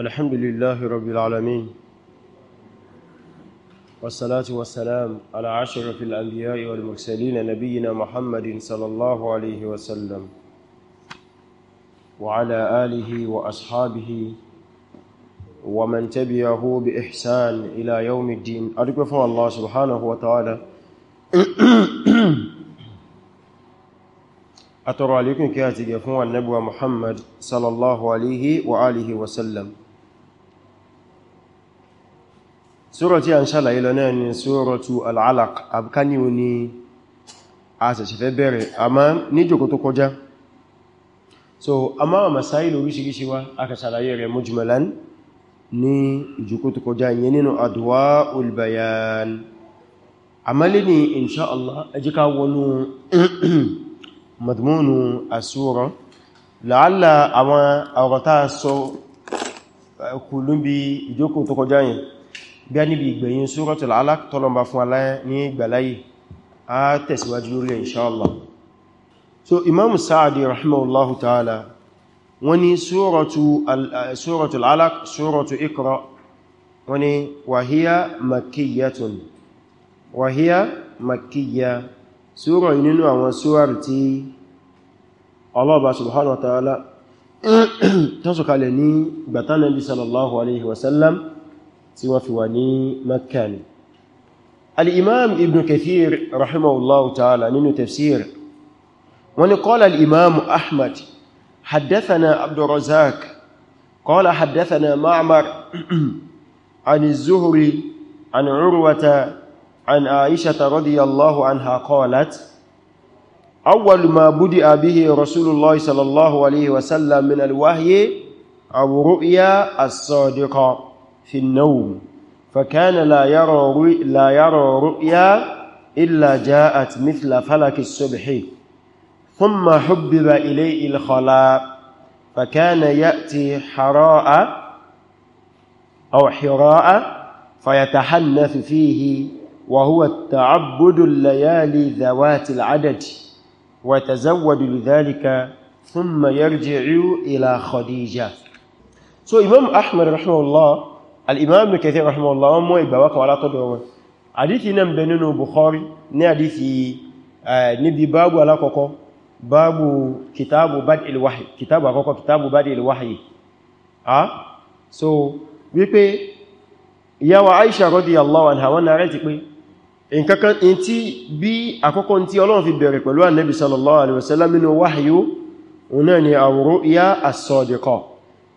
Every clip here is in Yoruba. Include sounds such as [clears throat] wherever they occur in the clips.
الحمد لله رب العالمين والصلاة والسلام على أشرف الأنبياء والمرسلين نبينا محمد صلى الله عليه وسلم وعلى آله وأصحابه ومن تبعه بإحسان إلى يوم الدين أرجو الله سبحانه وتعالى أترى عليكم كاتب يفوى النبوى محمد صلى الله عليه وآله وسلم sura tí a ń ṣàlàyé lọ náà ni suratu al-alaq abkaniwu ni a sàṣẹfẹ́ bẹ̀rẹ̀ àmá ní jòkó tó kọjá so a máa masáyí lórí ṣiríṣi wá aka ṣàlàyé rẹ̀ mujmalan ní ìjòkó [clears throat] tó kọjá yẹn nínú adwa'ul bayan àmálé ni insha Allah ẹjíká wọnú madmúnu asúrọ la'alla àwọn tó kọjá yẹn bí a níbi ìgbẹ̀yìn Suratul Alaq tọ́lọmbà fún aláyẹ ní ìgbàláyé a tẹ̀síwájú lórí insha Allah so imam Sa'di rahimahullahu ta'ala wọ́n ní eh, Suratul Alaq suratu Iqra wọ́n ní wa hiya makkiyatun wa hiya makkiyya sura nínú àwọn suwar tí Allah subhanahu wa ta'ala tọ́sọ̀kalẹ̀ [clears throat] ní gbàtánàbí sallallahu alaihi wasallam tí wọ́n fi wà ní Makka ni al-imam ibn kathir rahimahullahu ta'ala nínú tafsir wani qala al-imam ahmad haddathana abdurrazak qala haddathana ma'mar عن الزهري عن عروة عن عائشة رضي الله عنها قالت أول ما بدأ به رسول الله صلى الله عليه وسلم من الوحي أو رؤيا الصادقة في النوم فكان لا يرى لا يرى رؤيا إلا جاءت مثل فلك الصبح ثم حبب إليه الخلاء فكان يأتي حراء أو حراء فيتحنث فيه وهو التعبد الليالي ذوات العدد وتزود لذلك ثم يرجع إلى خديجة So Imam Ahmad الله al'imam ibn kathir rahimahullah wọn mọ́ ìgbàwà kan alátọ́dọ̀ wọn àdíkì náà bẹ nínú bukhari ní àdíkì níbi báàbù alákọ̀ọ́kọ́ báàbù kitabu bad'il wahyi kitabu àkọ́kọ́ kitabu bad'il wahyi so wípé ìyàwó aisha radiyallahu anha wọn na rẹ̀ ti pé nǹkankan in tí bí àkọ́kọ́ tí ọlọ́run fi bẹ̀rẹ̀ pẹ̀lú annabi sallallahu alaihi wasallam nínú wahyu òun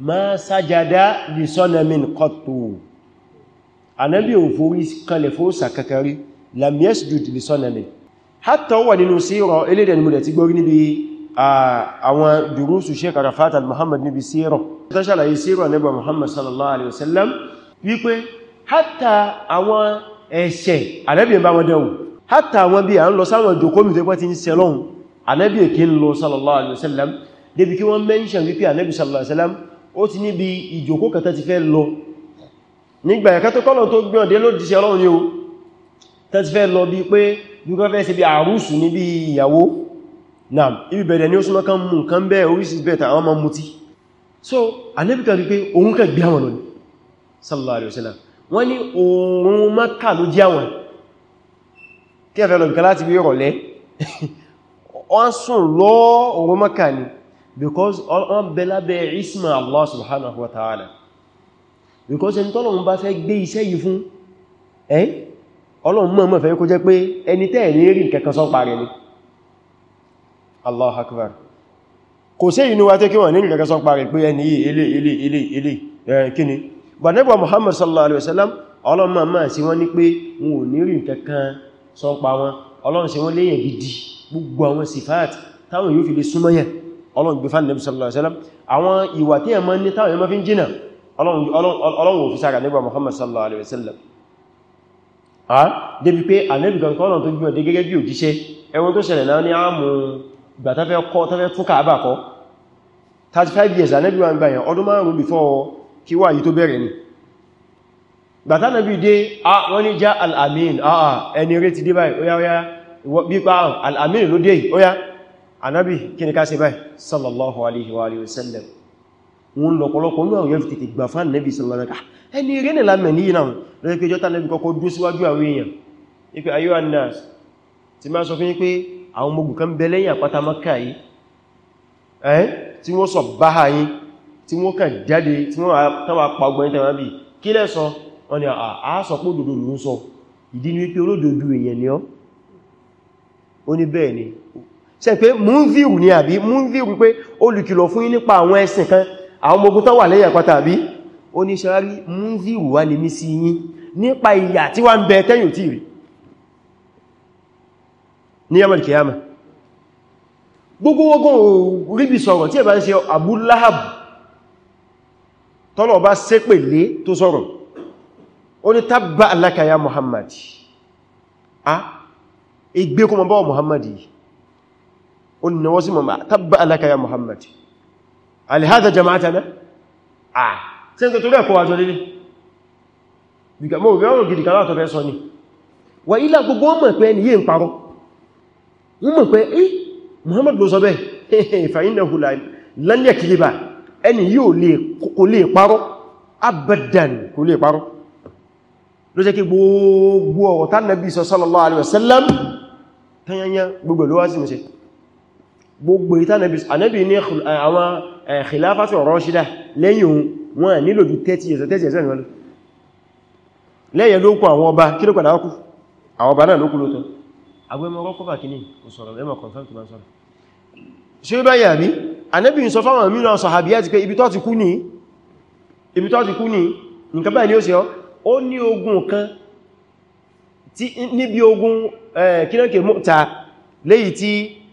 ma sajada li sonamin qattu anabi o forí kanlẹ̀ fo sakakari lam yasjud li sonamin hatta wà nínú siro ele de mu de ti gbori níbi àwọn durusu sheikh arafat al muhammad níbi siro ta shala yi siro anabi muhammad sallallahu alaihi wasallam wí pé hatta àwọn ẹ̀ṣẹ̀ anabi ó ti níbi ìjòkó kẹta ti fẹ́ lọ nígbà ẹ̀ká tó kọ́lọ̀ tó gbọ́n dé ló dìṣẹ́ ọlọ́run yóò tẹ́ ti fẹ́ lọ bí pé yúkọ́ sí bí àrùsù níbi ìyàwó náà ibi bẹ̀rẹ̀ ní ó súnmọ́ kan mú nǹkan bẹ́ẹ̀ orísì bẹ́ẹ̀ so anẹ́bìkà rí pé òun kẹ́ sallallahu alaihi wasallam wọ́n ní òun mọ́kà ló jẹ́ àwọn kí ẹ̀fẹ́ lọ [laughs] because on bẹ lábẹ́ isma Allah subhanahu wa ta'ala because ẹni tọ́lọ̀un bá fẹ́ gbé iṣẹ́ yìí fún ẹ́ ọlọ́run mọ́ mọ́ fẹ́ kó jẹ́ pé ẹni tẹ́ẹ̀rí rí kẹkàn sọ parí ni Allahu akbar kò sí inú wa tẹ́ kí wọ́n ní kẹkàn sọ parí pé ẹni ilé ilé ilé Muhammad sallallahu alaihi wasallam ọlọ́run mọ́ mọ́ sí wọ́n ní pé wọn ò ní rí kẹkàn sifat táwọn yóò fi ọlọ́run gbé fán Nabi sallallahu alaihi wasallam àwọn ìwà tí ẹ̀mọ́ ní táwọn ẹmọ́ fi ń jìnà ọlọ́run òfin sára Nabi Muhammad sallallahu alaihi wasallam a débi pé Ànábì gan kọ́nà tó gbíyànjẹ́ gẹ́gẹ́ bí òjíṣẹ́ ẹwọ́n tó ṣẹlẹ̀ náà ní àmú ìgbà tafẹ́ kọ́ tafẹ́ 35 years Ànábì wa ń gbàyàn ọdún márùn before kí wà yìí tó bẹ̀rẹ̀ ni gbàtà Ànábì dé a wọ́n ní já al-amin a ẹni rẹ̀ ti dé báyìí ó yá ó yá ló dé ó anábì kí ni ká ṣe báyìí sallallahu alaihi wa alihi wasallam wọn lọ́pọ̀lọpọ̀ ní àwọn yóò fi tètè gbà fún ànẹ́bì sallallahu alaihi wasallam ah, ẹni eré nìlá mẹ́ni yìí náà lọ́jọ́ pé jọta nẹ́bì kọ́kọ́ dúó síwájú àwọn èèyàn ipé ayó annas ti máa sọ fún pé àwọn ọmọ ogun kan bẹ lẹ́yìn àpáta Mákà yìí ẹ́ tí wọ́n sọ báha yìí tí wọ́n kàn jáde tí wọ́n tánwà pa ọgbọ̀n ní tẹ̀wọ́n bí kí lẹ́ sọ ni a sọ pé òdòdó ló ń sọ ìdí ni wípé olódòdó èèyàn ni ọ́ ó ní ni se pe mu ni abi mu n viru pe olukilo fun yi nipa awon esin kan awon mogun to wa leya pata o ni sarari mu n viru wa ni misi yi nipa iya ti wa n be teyo ti ri ni yamal kiyama gbogbo ogun ribi soro ti e ba n abu abulahabu tolo ba se pele to soro o ni ta alaka alakaya muhammadi a igbe kuma ba قلنا وزم تبأ لك يا محمد هل هذا جماعتنا آه سنت تريكو واجولي bika mo gbe gidi kan láti fẹ́ sọ ni wa ila gbogbo mọ̀ pé ẹni yìí ń parọ́ wọ́n mọ̀ pé eh Muhammad ló sọ bẹ́ẹ̀ fa innahu la lan yakdiba ẹni yìí ò lè kò lè tanyanya gbogbo ló sí mi gbogbo ìtànàbí anẹ́bí ní eh, àwọn eh, khilafatu rashida lẹ́yìn wọn nílò ju 30 years 30 years ẹ̀rọ lẹ́yìn ló kú àwọn ọba kí ló padà ọkú àwọn ọba náà ló kú lótọ́ agbẹ́mọ́ ọkọ́ bà kíní òsọ̀rọ̀ ẹmọ̀ confirm tó bá ń sọ̀rọ̀ ṣe bá yà rí anẹ́bí sọ ní ni ó ṣe ọ́ ó ní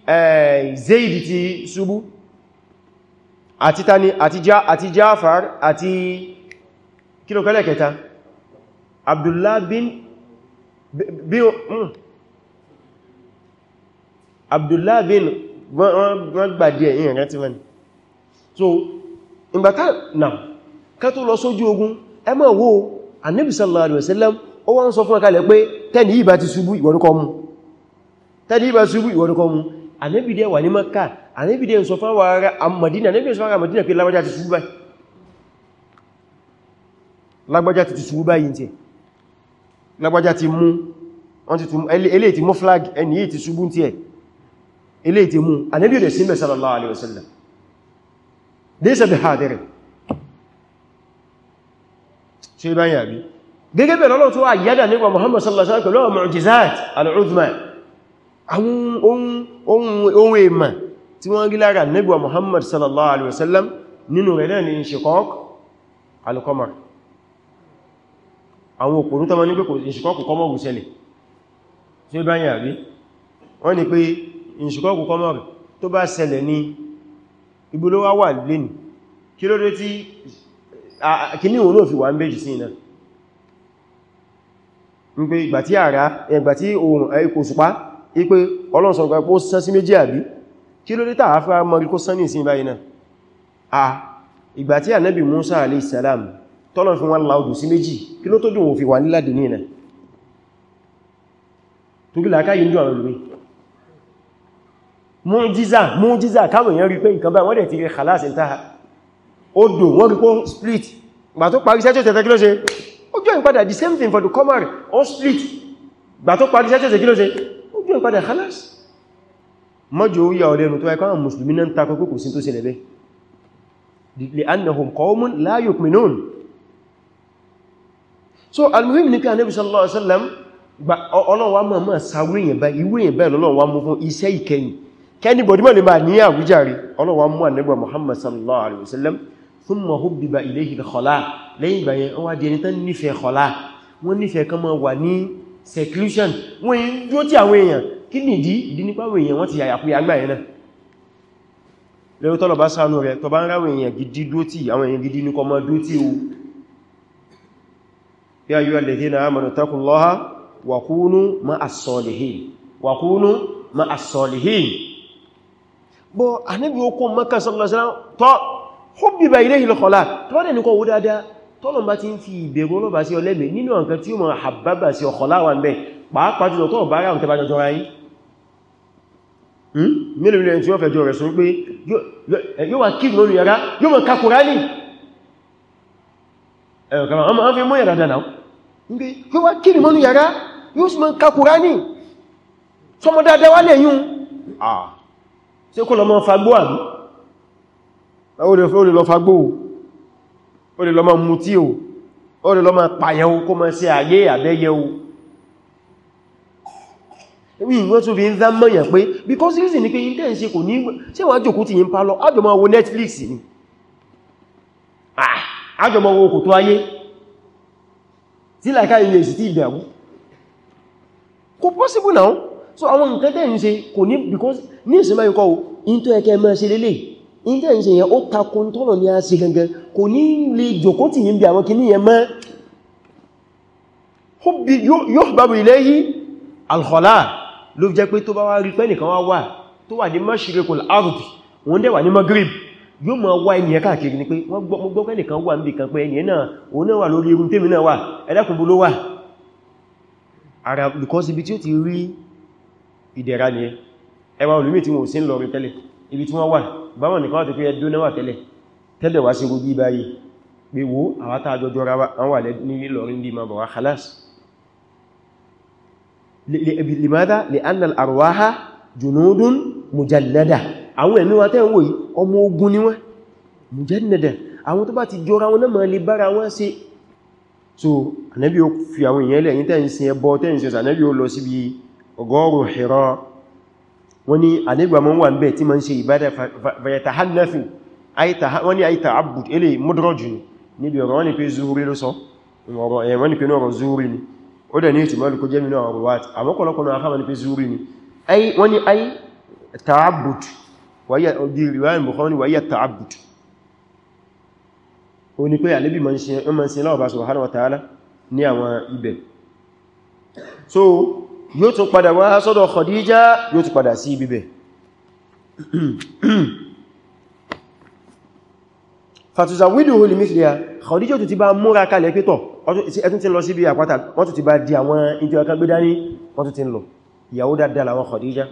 zaidi ti ṣubú àti tani àti jáfàr àti kílòkọ́lẹ̀ kẹta abdullah bin bí hmm. abdullah bin wọ́n gbàdí ẹ̀yìn rẹ̀ tí wọ́n ni so ìgbàtà náà ká tó lọ sójú ogun ẹ máa wò Ànábì sallallahu alaihi wasallam ó wá ń sọ Subu, ẹkalẹ̀ pé tẹ́ni yìí bá ti ṣubú ìwọ́dúkọ́ mú ànábì dẹ̀ wà ní maka ànábì dẹ̀ sọ fáwọn ará àmàdínà ànábì sọ fáwọn àmàdínà pé lágbàjá ti ṣubú báyìí lágbàjá ti ṣubú báyìí tí lágbàjá ti mú wọ́n ti tún eléyìí ti mú flag ẹni yìí ti ṣubú tí ẹ̀ eléyìí ti mú ànábì dẹ̀ símẹ̀ sallallahu alaihi wasallam laysa bihadir ṣe báyìí àbí gẹ́gẹ́ bẹ̀rẹ̀ lọ́lọ́ tó wà àwọn ohun èèmà tí wọ́n rí lára nígbà Muhammad sallallahu alaihi wasallam nínú rẹ̀ náà ni inshiqaq al-qamar àwọn òpòrú tó ma ní pé inshiqaq al-qamar ṣẹlẹ̀ tí ó bá yà rí wọ́n ni pé inshiqaq al-qamar tó bá ṣẹlẹ̀ ní ibùlówà wà lẹ́ni kí ló ipé Ọlọ́run sọ̀rọ̀ pé ó sán sí méjì àbí kí ló dé tàà fẹ́ mọ́rí kó sán ní ìsin báyìí náà à ìgbà tí ànábì Musa alayhi salam tọ́lọ̀ fi wọ́n láudù sí méjì kí ló tó dùn òfin wà nílàdì ní ìnà tó gílà gbà tó parí sẹ́jọ́ kí ló ṣe ó jọ ìpadà the same thing for the common all split gbà tó parí sẹ́jọ́ tẹ̀tẹ̀ kí ló ṣe ojú ẹ̀ padà khalas mọ́jọ ó yà ọ̀lẹ́nu tó ẹkọ́ àwọn musulmi náà takọ kókò sí tó ṣẹlẹ̀ bẹ́ li'annahum qawmun la yu'minun so al-muhim ní pé Ànábì sallallahu alaihi wasallam Ọlọ́run wá mọ̀ mọ̀ sàwọn èèyàn bá ìwé èèyàn bẹ́ẹ̀ lọ́lọ́run wá mú fún iṣẹ́ Muhammad sallallahu alaihi wasallam thumma hubbiba ilayhi al-khala lẹ́yìn ìgbà yẹn wọ́n wá di ẹni tán nífẹ̀ẹ́ khala wọ́n nífẹ̀ẹ́ kan máa wà ní seclusion wọ́n yí dúró tí àwọn èèyàn kí nìdí ìdí nípa àwọn èèyàn wọ́n ti yàyàkúyà gbà ẹ̀nà lẹ́rù tọ́lọ̀ bá ṣàánú rẹ̀ tọba ń ráwọ̀ èèyàn gidi dúró tí àwọn èèyàn gidi ní kọmọ dúró tí o ya ayyuhalladhina amanu taqullaha wa kunu ma'as-salihin wa kunu ma'as-salihin bọ́ Ànábì ó kó Makkah sallallahu alaihi wasallam tọ́lọ̀n bá ti ń fi ìbẹ̀rù ọlọ́bà sí ọlẹ́mẹ̀ nínú nǹkan tí ó mọ̀ àbábà sí ọkọ̀ láwà ń bẹ̀ pàápàá jùlọ tọ́ bá ráhùn tẹbà jọjọra yìí hmm? mélòó ilẹ̀ tí ó fẹjọ rẹ̀ sún pé yóò wà kí lónìí yàrá yóò mọ̀ kakùrá ní ẹ̀rọ̀kàmà ó lè lọ máa mutí o ó lè lọ máa pàyàn o kó máa ṣe ayé àbẹ́yẹ o wí ìwọ́n tún fi ń dá mọ́yàn pé because reason ni pé intẹ́ ń ṣe kò ní ṣe wà jòkó tí yìí ń ájọmọ́ wo Netflix ni ájọmọ́ ah, wo kò tó ayé tí láìká ilé ìsì tí ìbẹ̀rú kò possible now so àwọn nǹkan tẹ́ ń kò ní because ní ìsinmi ayúkọ́ o intọ́ ẹkẹ́ mọ́ ṣe lélẹ̀ ìdẹ́ ìṣe yẹn ó takò tọ́lọ̀ ní a ṣe gangan kò ní lè jòkó tí yìí bí àwọn kìí yẹn mọ́ yóò bàbù ilẹ̀ yìí alkhola ló jẹ́ pé tó bá wá rí pé nìkan wá wà tó wà ní mashirikul ni pé wọ́n gbọ́ pé nìkan wà níbi kan pé ẹniyẹ náà òun náà wà lórí irun tèmi náà wà ẹlẹ́kùnbó ló wà ara ìdẹ̀ra ni ẹwà olùmí tí wọ́n sí ń lọ rí tẹ́lẹ̀ ibi tí wọ́n wà báwọn nìkan ti pé ẹdún náwà tẹ́lẹ̀ tẹ́lẹ̀ wá sí rúbí báyìí pé wo àwátá àjọjọ́ ra wà ní Ìlọrin bí máa bọ̀ wá khalas limada li annal arwaha junudun mujallada àwọn ẹ̀mí wa tẹ́wọ̀n yìí ọmọ ogun ni wọ́n mujallada àwọn tó bá ti jọra wọn tẹ́ wọ́n ní ànígbà mọ́ wà ń bẹ̀ tí ma ń ṣe ìbádà fàyàtà hannafi wọ́n ní àìta abud ilé mọ́dọ́rọ̀jù níbi ọ̀rọ̀ wọ́n ní pé zuhuri ló sọ eh, wọ́n ní pé náà zuhuri ni ó dẹ̀ ní ìtìmọ́lù kó jẹ́mìnà ọ̀rọ̀ wá àmọ́kọ̀lọ́kọ̀lọ́ afẹ́mọ́ ní pé zuhuri ni wọ́n ní àì ta'abud wáyé ta'abud ó ní pé àlébì ma ń ṣe láwọ̀ bá subhanahu wa so yóò tún padà wá sọ́dọ̀ Khadija yóò tún padà sí ibibẹ̀ fàtúsà wídò olè mithliha Khadija tó ti bá múra kalẹ̀ pẹ́tọ̀ ẹtún ti lọ sí ibi àpáta wọ́n tó ti bá di àwọn ìjọ ọkà gbé dání wọ́n tó ti lọ ìyàwó dáadáa àwọn Khadija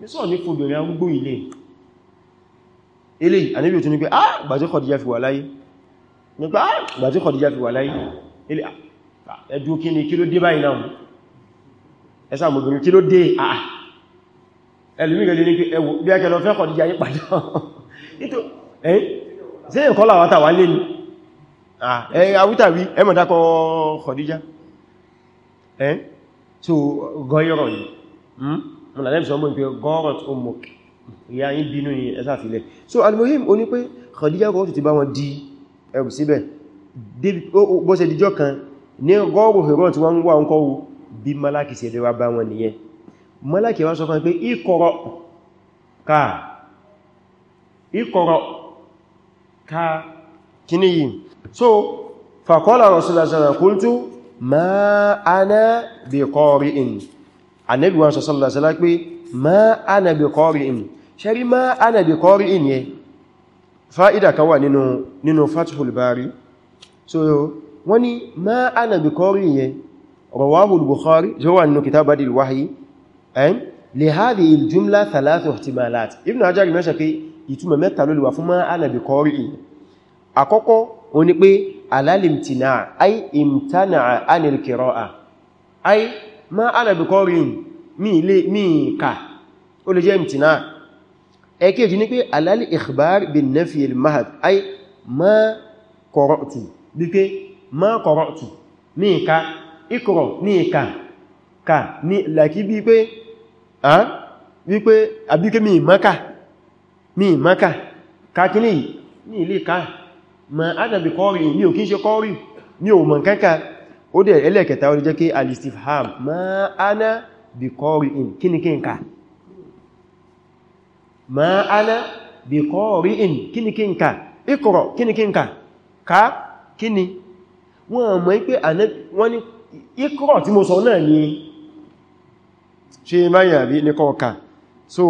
mísọ̀ ní fún obìnrin arúgbó ilé ilé àníbí òtún ní pé ah gbàtí Khadija fi wà láyé ní ah gbàtí Khadija fi wà láyé ilé ah, ẹ̀dù kí ni kí ló dé báyìí náà ẹsà mọ̀bìnrin kí ló dé ah, ah. ẹlùmígẹ̀lẹ́ ní pé ẹwò bí ẹkẹ lọ fẹ́ Khadija yí padà [laughs] nítò ẹ́yìn sí ẹ̀kọ́ làwátà wà lé ní àwítàwí ẹmọ̀dákọ̀ Khadija ẹ́ so gọ́yọ̀rọ̀ yìí hmm? ní gọ́ọ̀rù hìrọ̀ tí wọ́n ń wà ń kọ́wọ́ bí malaki sí ẹ̀dẹ̀wà bá wọn nìyẹn malaki wá sọ fún pé ìkọ̀rọ̀ káà ìkọ̀rọ̀ ká kíní yìí so fàkọ́lá rasulullah sallallahu alaihi wasallam qultu ma ana biqari'in anẹ́bí wọn sọ́sọ́lọ́ sọ́lá pé ma anabi kọrí in ṣẹ́rí ma anabi kọrí in yẹ fa'ida kan wà nínú fatihul bari so wọ́n ni ma anabi kọrí in yẹ rawahul bukhari yóò wà nínú kitabadil wahyi ẹn lè hádì iljumla thalathu ihtimalat ibn hajjari mẹ́sà pé ìtumọ̀ mẹ́ta ló lè wà fún ma anabi kọrí in àkọ́kọ́ o ni pé alalimtina ay imtana anil kira'a ay ma alàbìkọrin ní ilé ní ìkà ó lè jẹ́ ìmtìná ẹkẹ́jì ní pé alal ikhbar bin nafi al-mahad ay ma qara'tu bí pé ma qara'tu ní ìkà ikra ní ìkà ka ní làkí bí pé a wípé àbíké mi maka mi maka kakini ní ilé ká ma alàbìkọrin ní ò kí ń ṣe kọrin ní ò mọ̀ kankan ó dẹ̀ ẹlẹ́ẹ̀kẹta ó jẹ́ kí alistifham ma ana bi qari'in kíníkínká ma ana bi qari'in kíníkínká ikra kíníkínká ká kíní wọ́n mọ̀ pé wọ́n ní ikra tí mo sọ náà ni ṣe máyà bí ní kọ́ọ̀ká so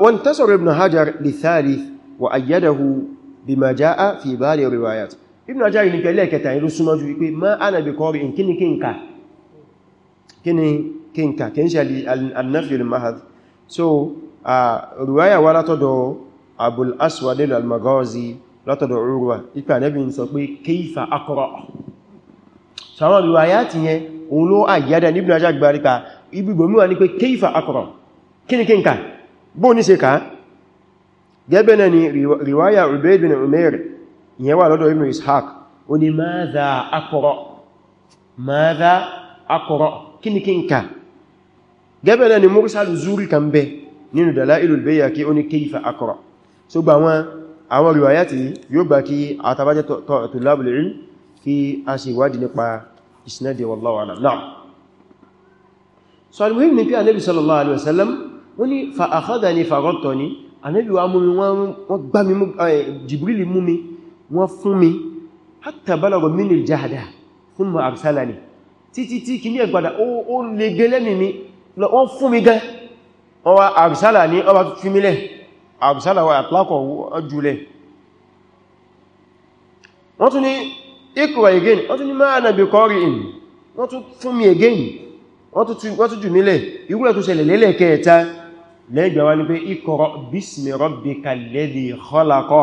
wọ́n tẹ́sọ̀rọ̀ ibn hajar li wa ayyadahu bima jaa fi ba'di riwayat ibn ajari ní pẹ̀lẹ̀ kẹta ìlú súnmọ́jú wípé ma ana bi qari'in kíni kínka kíni kínka kí ṣe annafil mahad so a riwaya wa látọ̀dọ̀ abul aswad al-maghazi látọ̀dọ̀ urwa ipa nabi sọ pé kayfa aqra sawon riwaya ti yẹn òun ló àyádà ibn ajari gbarika ibi gbòmíwà ní pé kayfa aqra kíni kínka bó ní ṣe kàá gẹ́bẹ̀nà ni riwaya Ubayd bin Umair ìyẹn wà lọ́dọ̀ Ibn Ishaq ó ní madha aqra madha aqra kínikínka gẹ́bẹ̀nà ni mursal zuri kan bẹ nínú Dalailul Bayyaqi ó ní kayfa aqra so gba wọn àwọn riwaya ti yóò gba kí àtàbájẹ́ tulabul ilm kí a ṣe ìwádìí nípa isnadi wallahu a'lam na'am so al-muhim ni pé Ànábì sallallahu alaihi ànábì wá mú mi wọ́n gbá mi jìbìrìlì mú mi wọ́n fún mi hatta balagha min al-jahda thumma arsalani títí tí kì ní ẹgbàdà ó lè gẹ lẹ́mì mi wọ́n fún mi gan wọ́n wá arsala ní ọba fi mílẹ̀ arsala wà àtlákọ̀ jùlẹ̀ wọ́n tún ní ikra again wọ́n tún ní máa nà bí kọ́rì in fún mi again lẹ́gbẹ̀ wá ní pé ikọ̀rọ̀ bísmi rabbika alladhi khalaqa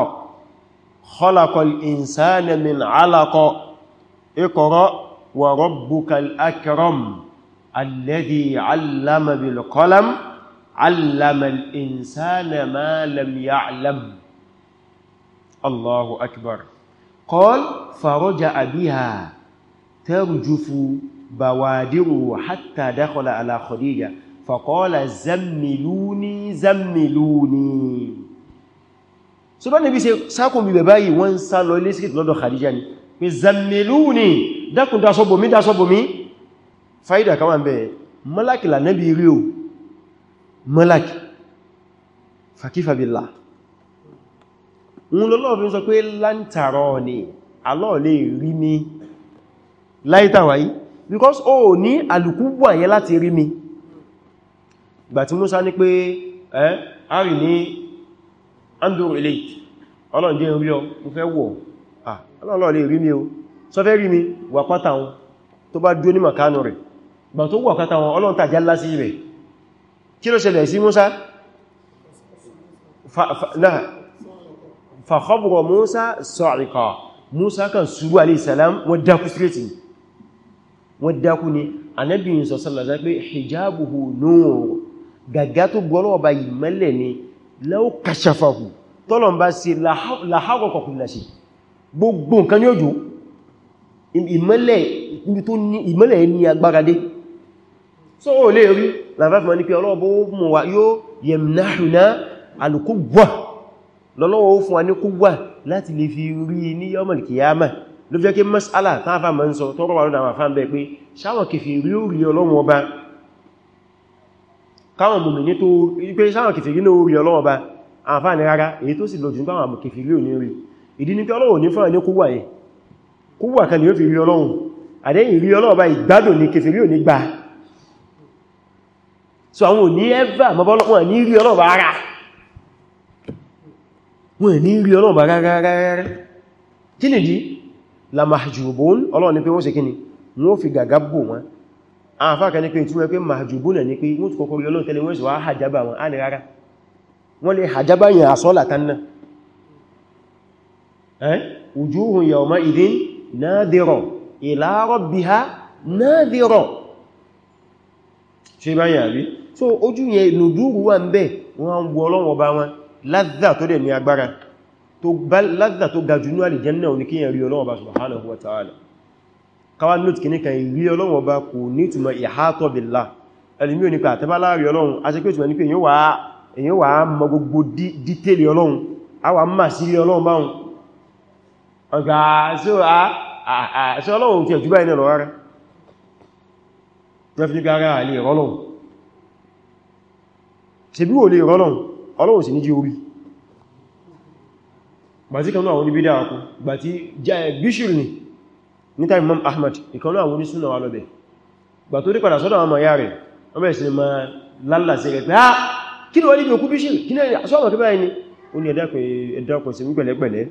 khalaqal insana min alaqa ikọ̀rọ̀ wa rabbukal akram alladhi 'allama bil qalam 'allamal insana ma lam ya'lam Allahu akbar qal faraja'a biha tarjufu bawadiru hatta faqala zammiluni zammiluni so bá níbi ṣe sákùn bíbẹ̀ báyìí wọ́n ń sá lọ ilé síkìtì lọ́dọ̀ Khadija ni pé zammiluni dákùn dasọ́bòmí dasọ́bòmí fáìdà káwọn bẹ̀ẹ̀ mọ́lákì là nẹ́bí rí o mọ́lákì fàkífàbílà ń lọ́lọ́fin sọ pé lántàrọ ni alọ́ lè rí mi because o ní alùkúgbà yẹ mi gbàtí Musa ní pé ẹ́ ari ní andor elite ọlọ́run jẹ́ orí ọ mo fẹ́ wọ̀ ọlọ́run lè rí mi o sọ fẹ́ rí mi wà pátá wọn tó bá dúó ní makanu rẹ̀ gbà tó wà pátá wọn ọlọ́run tàjá lásì rẹ̀ kí ló ṣẹlẹ̀ sí Musa fàkọ́bùrọ̀ Musa sọ̀rìkọ̀ Musa kan ṣubú alayhi wọ́n dákú straight wọ́n dákú ni anábìyìn sọ sọ́lọ̀ pé hijabuhu nur gàgá tó gbọ́lọ́ ọba yìí mẹ́lẹ̀ ni lẹ́ó kàṣàfàhù tọ́lọ̀n bá sí láhárọ̀kọ̀ kùnlẹ̀ṣì gbogbo nǹkan ní òjò ìmẹ́lẹ̀ ní agbára dé so o lè rí làfáfimọ́ ní pé ọlọ́ọ̀bọ̀ mọ̀ wá yóò yẹmnáhùná alùkúgbà lọ́lọ́wọ́ ó fún wa ní kúgbà láti lè fi rí ní yọmọ̀lì kìyàmà ló fi jẹ́ kí mas'ala táàfà mọ́ ń sọ tọ́rọ wà lọ́dà wà fáà pé ṣáwọn kìfì rí ó rí ọlọ́wọ́ ọba káwọn mùmí ní tó pé sáwọn kèfèrí ní orí ọlọ́wọ́ bá àǹfààní rárá èyí tó sì lọ jù ní báwọn kèfèrí ò ní rí ìdí ní pé ọlọ́wọ́ ní fún ẹni kúwà yẹn kúwà kan ni ó fi rí ọlọ́run àdẹ́yìn rí ọlọ́wọ́ la mahjubun ọlọ́ọ̀ ni pé wọ́n ṣe kí ni wọ́n àfáàkà ní pé ìtumọ̀ pé mahjubuna ní pé wọ́n ti kọ́kọ́ rí Ọlọ́run tẹ́lẹ̀ wọ́n sì wá hajjaba wọn á ní rárá wọ́n lè hajjaba yìn àsọ́là tánná wujuhun yawma idhin nadhira ila so ojú yẹn nùdúrù wà ń bẹ̀ wọ́n ń wọ Ọlọ́run ọba wọn ládà tó dẹ̀ ní agbára rí káwà note kìíní kan ìrí ọlọ́run ọba kò ní ìtumọ̀ ìhátọ̀ bìlá ẹlùmí ò nípa àtẹ́bá láàrin ọlọ́run a ṣe pé ìtumọ̀ ní pé èyàn wà á mọ gbogbo dítẹ́lì ọlọ́run a wà má sí ilé ọlọ́run báhùn ọ̀gá sí ọlọ́run ti ẹ̀jú báyìí nẹ̀lọ rẹ̀ wọ́n fi ní gára àlè ìrọ́lọ́run ṣe bí wò lè ìrọ́lọ́run ọlọ́run sì ní jí orí gbàtí kanú ní time Imam Ahmad ìkanú àwọn onísúnà wà lọ́bẹ̀ gbà tó rí padà sọ́dọ̀ àwọn ọmọya rẹ̀ wọ́n bẹ̀rẹ̀ sí ma lálàsí rẹ̀ pé á ah, kí ni wọ́n níbi òkú bíṣì kí ni àṣọ́mọ̀ kí báyìí ni ó ní ẹ̀dàkùn sí pẹ̀lẹ́pẹ̀lẹ́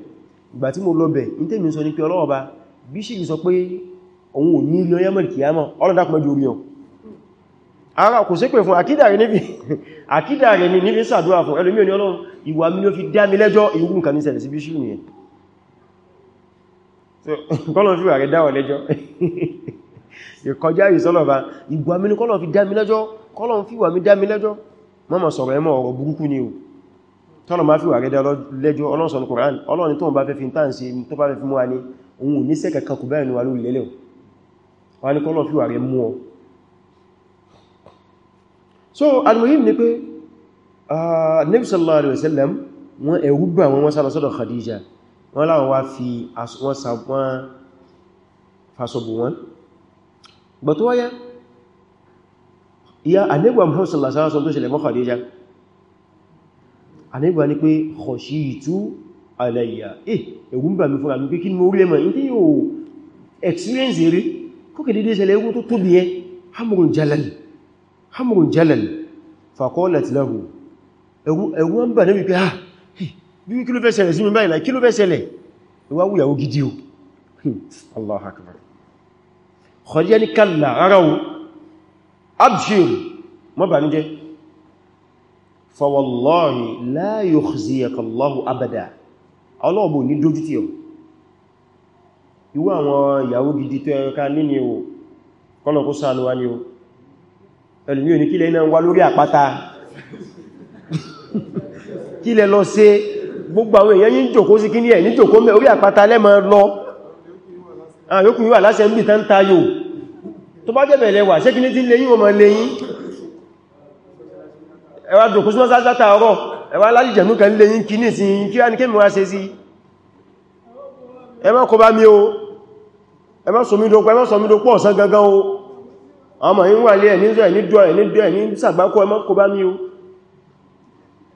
ìgbà tí mo lọ́bẹ̀ ní tèmi sọ ní pé ọlọ́ọ̀bá bíṣì sọ pé òun ò ní ilé ọyẹ́mọ̀ kìyàmọ̀ ọlọ́dàkùn mẹ́jọ orí ọ ara sí pé fún kọ́lọ̀n fi wà rẹ̀ dáwọ̀ lẹ́jọ́ ìkọjá ìsọ́lọ̀bá ìgbà mi ní kọ́lọ̀n fi dámi lẹ́jọ́ kọ́lọ̀n fi wà mí dámi lẹ́jọ́ mọ́mọ̀ sọ̀rọ̀ ẹmọ́ ọ̀rọ̀ burúkú ni o tọ́lọ̀ máa fi wà rẹ̀ dá lẹ́jọ́ ọlọ́sọ̀nù Kùránì ọlọ́ni tó ń bá fẹ́ fi tán sí tó bá fẹ́ fi mú wa ní òun ní sẹ́ kankan kù bẹ́ẹ̀ ni wà lórí lẹ́lẹ̀ wà ní kọ́lọ̀ fi wà rẹ̀ mú ọ so almuhim ni pé ah, Nabi sallallahu alaihi wasallam wọ́n ẹ̀rú bà wọn wọ́n sálọ sọ́dọ̀ Khadija wọ́n láwọn wá fi wọ́n sàpọ́n fàṣọ́bù wọn gbọ́ tó wáyá ìyá anẹ́gbà Muhammad sallallahu alaihi wasallam tó ṣẹlẹ̀ mọ́ Khadija anẹ́gbà ní pé khashitu alayya eh ẹ̀wù ń bà mí fúnra mi pé kí ni mo rí ẹmọ̀ ní yóò experience rí kókè dédé ṣẹlẹ̀ egun tó tóbi ẹ hamrun jalal hamrun jalal faqalat lahu ẹ̀wù ń bà ní wípé ah bí kí ló fẹ́ ṣẹlẹ̀ sí mi báyìí kí ló fẹ́ ṣẹlẹ̀ ìwáwú ìyàwó gidi o hmm. Allah akbar Khadija ní kàlà rárá o abshir mọ́ bà ní jẹ́ fa wallahi la yukhziyaka Allahu abada ọlọ́ọ̀bọ̀ ní dójú tí ọ [laughs] lọ sí gbogbo àwọn èèyàn yìí jòkó sí kíní ẹ̀ ní jòkó mẹ́ orí àpáta lẹ́mọ lọ àyókùn ah, yíwà láṣẹ ń bì tán tayò tó bá jẹ́ bẹ̀rẹ̀ wà ṣé kíní tí lè yí ọmọ lè yí ẹwà jòkó sí mọ́sá látàárọ̀ ẹwà alájìjẹ̀mú kan lè yí kíní sí kí á ní kí mọ́ ṣe sí ẹ má kó bá mi o ẹ má sọ mí dopọ̀ ẹ má sọ mí dopọ̀ ọ̀sán gangan o àwọn ọmọ yìí wà lé ẹ̀ ní sàgbákọ́ ẹ má kó bá mi o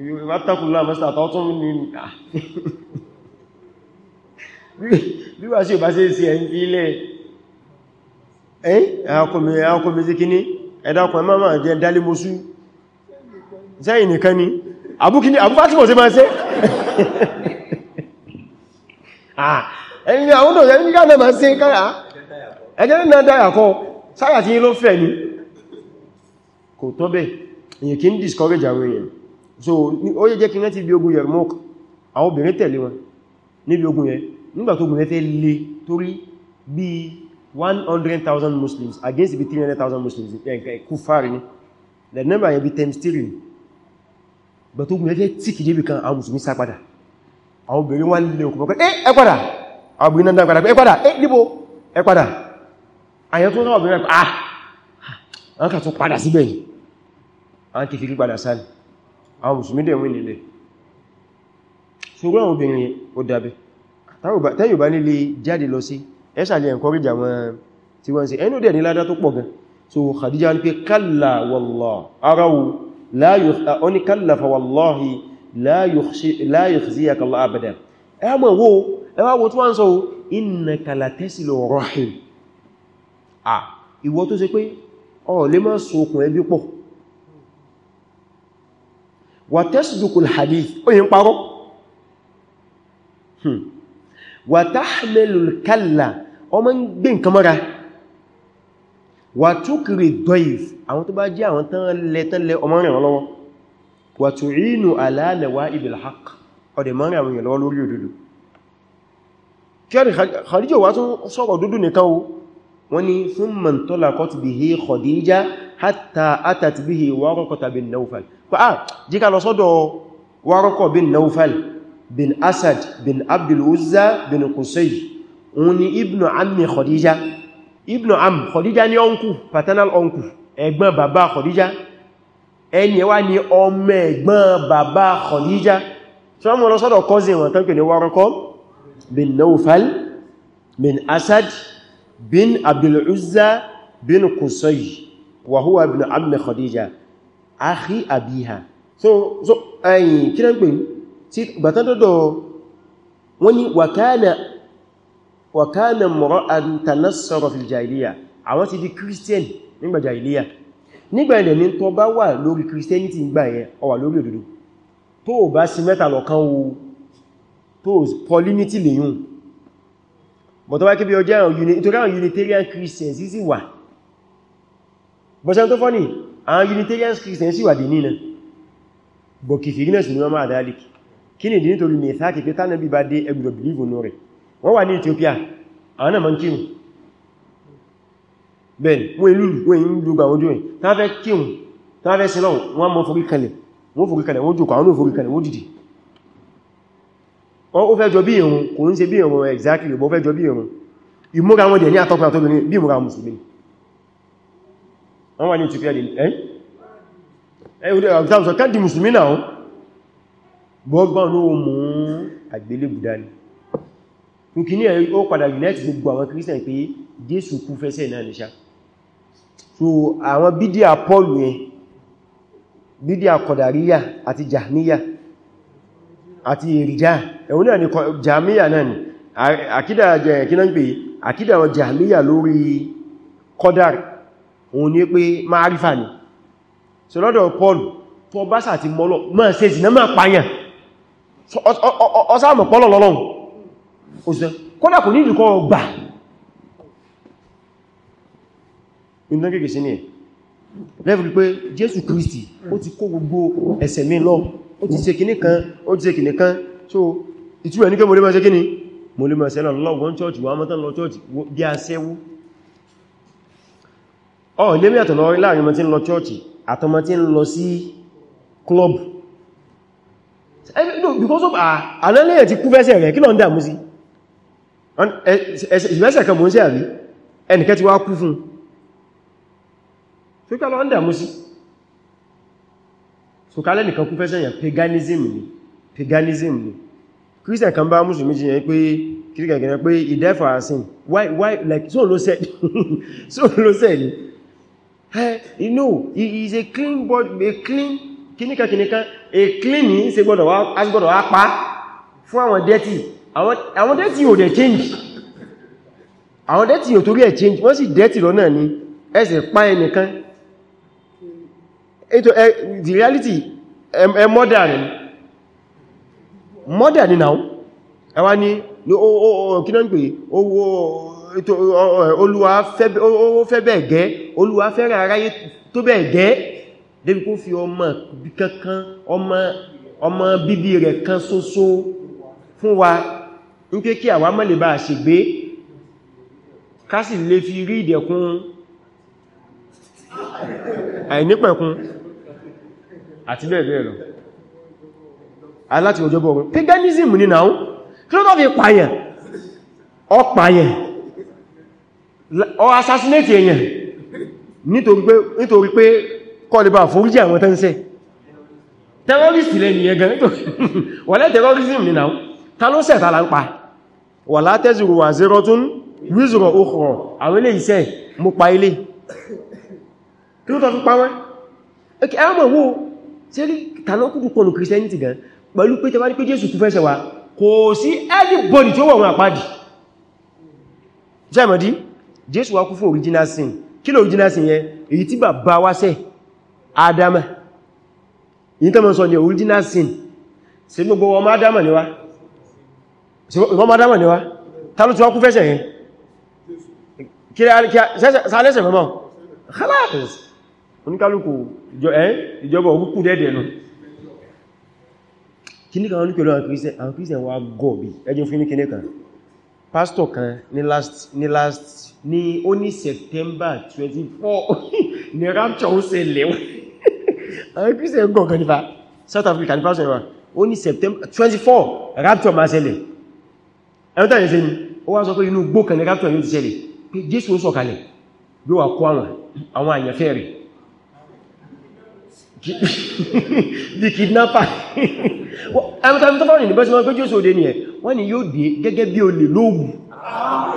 ìwátàkùnlá mẹ́sà tọ́tún ní bí wà sí ò bá sí sí ẹ̀yìn fi ilẹ̀ ẹ́ ẹ̀kọ́mẹ́ sí kíní ẹ̀dàkùn ẹ̀ máa jẹ́ dálímọ́sú sẹ́yìn nìkan ni abúkíní abúfátímọ̀ sí máa ṣe ẹ̀yìn àwọn ọdọ̀ ẹ̀yìn ká mẹ́ma sí káyà ẹjẹ́ náà dáyà kọ sáyà tí yí ló fẹ́ ni kò tọ́bẹ̀ èyàn kí ń discourage àwọn èèyàn so ó yẹ jẹ́ kí rántí bí ogun Yarmouk àwọn obìnrin tẹ̀lé wọn níbi ogun yẹn nígbà tó ogun yẹn fẹ́ le torí bí 100,000 Muslims against bí 300,000 Muslims kúfàrí ní the number yẹn bí times 3 but ogun yẹn fẹ́ tí kìí débi kan àwọn Mùsùlùmí sá padà àwọn obìnrin wá lè okùn pọ̀kọ́ ẹ padà àwọn obìnrin náà padà ẹ padà ẹ níbo ẹ padà ah! ah àwọn kà tún padà síbẹ̀ yìí àwọn kìí fi àwọn musulmi dẹ̀ wọ́n nílẹ̀ ṣùgbọ́n àwọn obìnrin ó dábẹ́ tẹ́yìn bá nílé jáde lọ sí ẹ́sàlẹ̀ encourage àwọn tí wọ́n ṣe ẹnu dẹ̀ ní ládá tó pọ̀ gan so Khadija ní pé kalla wallahi arawu oní kalla fa wallahi la yukhziyaka Allah abadan ẹmọ̀ wo ẹwà wo tó wá ń sọ innaka latasilu rahim ah ìwọ tó ṣe pé ó lè máa so okùn ẹbí pọ̀ wa tasduqu al-hadith oyin parọ́ hmm. wa tahmilu al-kalla ọmọ ń gbé nǹkan mọ́ra wa tukri ad-dayf àwọn tó bá jẹ́ àwọn tán lẹ tán lẹ ọmọ rìn lọ́wọ́ wa tu'inu ala lawa'ib hatta atat bihi warqata bin naufal pa ah jika lọ sọ́dọ̀ warqa bin naufal bin asad bin abdul uzza bin qusay oni ibnu ammi khadija ibnu am khadija ni onku paternal onku ẹ̀gbọ́n bàbá khadija ẹni wá ni ọmọ ẹ̀gbọ́n bàbá khadija so mo lọ sọ́dọ̀ cousin wọn tan pè ní warqa bin naufal bin asad bin abdul uzza bin qusay wa huwa ibn ammi khadija akhi abiha so so ayin kí náà ń pè ní tí gbàtán dọ́dọ̀ wọ́n ni wa kana mura'an tanassara fil jahiliya àwọn ti di christian nígbà jahiliya nígbà ilẹ̀ ní tó bá wà lórí christianity nígbà yẹn ó wà lórí òdodo tó bá sí mẹ́ta lọ́kan wo tó polynity lèyún bọ́sẹ̀ tó fọ́nì àwọn unitarian christian sí wà dì nínà bọ̀ kìfì rínà sí ní wọ́n máa dáálì kí ni dínítò rí mẹ́ta kì pé tánàbí bá dé ẹgbùdọ̀ bìlìvò náà rẹ̀ wọ́n wà ní Ethiopia àwọn náà ma ń kírun bẹ́ẹ̀ni wọ́n ìlú wọ́n ìlú gbogbo àwọn ojúwẹ̀ mọ́ ń ṣe exactly bó fẹ́ jọ bí ìrun ìmúra wọn dẹ̀ wọ́n wà ní Ethiopia dì ẹ́ ẹ̀yẹ́ káàdì musulmi náà gbọ́gbọ́n ló mú àgbélébùdá ni kùkì ní ó padà unite gbogbo àwọn Christian pé Jésù kú fẹ́sẹ̀ náà nìṣá so àwọn bídíà Paul yẹn bídíà kọ̀dàríyà àti jahmiya àti èrìjá ẹ̀wọ́n náà ni jahmiya náà ni àkídà jẹ́ ẹ̀kí náà ń pè àkídà àwọn jahmiya lórí kọ́dàrí òun ni pé máàrífà ni so lọ́dọ̀ paul tó bá sà ti mọ́lọ̀ mọ́ ṣe ìsìnà máa pààyàn ọsáàmù pọ́lọ̀ lọ́lọ́run òṣìṣẹ́ kọ́nà kò ní ìdíkọ́ ọgbà iná kéèkè sí ní ẹ̀ lẹ́fù pé jésù kristi ó ti kó gbogbo ẹ̀ṣẹ̀ mi lọ ó ti ṣe kìní kan ó ti ṣe kìní kan so ìtúwẹ̀ ní kí mo lè máa ṣe kíni mo lè máa ṣe lọ́wọ́n chọ́ọ̀chì wọ́n mọ́tán lọ chọ́ọ̀chì bí a ṣẹ́wú ọ̀ lè mẹ́yàtọ̀ lọ láàrin mọ́ tí ń lọ chọ́ọ̀chì àtọmọ́ tí ń lọ sí club because of ah, àlẹ́lẹ́yẹ̀ ti kú fẹ́sẹ̀ rẹ̀ kí lọ ń dàmú sí ìfẹ́sẹ̀ kan mọ́ sí àrí ẹnìkẹ́ ti wá kú fún so ká lọ ń dàmú sí so ká lẹ́nìkan kú fẹ́sẹ̀ yẹn paganism ni paganism ni christian kan bá mùsùlùmí jiyàn pé kíríkẹ̀gẹ̀rẹ̀ pé ìdẹ́fà sin why why like so ló sẹ́ [laughs] so ló sẹ́ you know, he is a clean body, a clean, kìníkà kìníkà, a clean ní ṣe gbọ́dọ̀ wá, as gbọ́dọ̀ wá pa fún àwọn dẹ́tì. Àwọn dirty. ò dẹ̀ change. Àwọn dẹ́tì ò torí ẹ̀ change, wọ́n sì dẹ́tì lọ́nà ni, ẹ ṣe pa ẹnìkan. Ètò the reality, ẹ Modern ni. Mọ́dà ni now. Ẹ wá ní, kí náà ń pè, owó olúwa fẹ́ bẹ́ẹ̀ gẹ́ olúwa fẹ́ràn aráyé tó bẹ́ẹ̀ gẹ́ débi kó fi ọmọ kankan ọmọ bíbí rẹ̀ kan ṣoṣo fún wa ní pé kí àwa má lè bá ṣègbé ká sì lè fi rí ìdẹ̀kùn àìnípẹ̀kún àti bẹ́ẹ̀ bẹ́ẹ̀ lọ aláti ọjọ́bọ̀ ọ̀rọ̀ paganism ní náà kí ló tó fi pààyàn ọpààyàn ọ assassinate èyàn nítorí pé kọlùbà fóríjì àwọn tẹ́ńsẹ́ terrorist lẹ́ni ẹgbẹ̀ nítorí wala terrorism ní náà ta ló sẹ̀ta là ń pa wala taziru waziratun wizra ukhra àwọn ilé iṣẹ́ mú pa ilé kí ló tọ́ fi wo ṣe rí tànàkùnkù pọ̀nù christianity gan pẹ̀lú pé tẹwàá ní pé jésù kú fẹ́ṣẹ̀ wa kò sí anybody tí ó wọ̀n àpáàdì jẹ́mọ̀dí Jésù wá kú fún original sin kí ló original sin yẹn èyí tí bàbá wa ṣẹ̀ Ádámà yìí tẹ́mọ̀ sọ ní original sin ṣe gbogbo ọmọ Ádámà ni wá ọmọ Ádámà ni wá ta ló ti wá kú fẹ́ṣẹ̀ yẹn kí sálẹ́sẹ̀ mọ́mọ́ khalas oníkálùkù ìjọba òkúkú dẹ́dẹ̀ nù kíní kan ní pẹ̀lú àwọn christian àwọn christian wá gọ̀ọ̀bì ẹjọ́ fún ní kíní pastor kan ní last ní last ní ó ní September 24 [laughs] ní rapture ó ṣẹlẹ̀ [laughs] àwọn christian gọ̀gọ̀ nípa South Africa nípa ṣẹlẹ̀ ó ní September 24 rapture máa ṣẹlẹ̀ ẹ̀rọ tàbí ṣe ni ó wá sọ pé inú gbó kan ní rapture yóò ti ṣẹlẹ̀ pé Jésù ó sọ̀kalẹ̀ bí wà kó àwọn àwọn àyànfẹ́ rẹ̀ the [laughs] kidnapper ẹ̀rọ tàbí tó fọ́nà ìdíbẹ́sí wọn pé Jésù òde ni ẹ̀ wọ́n ni yóò dé gẹ́gẹ́ bí olè lóògùn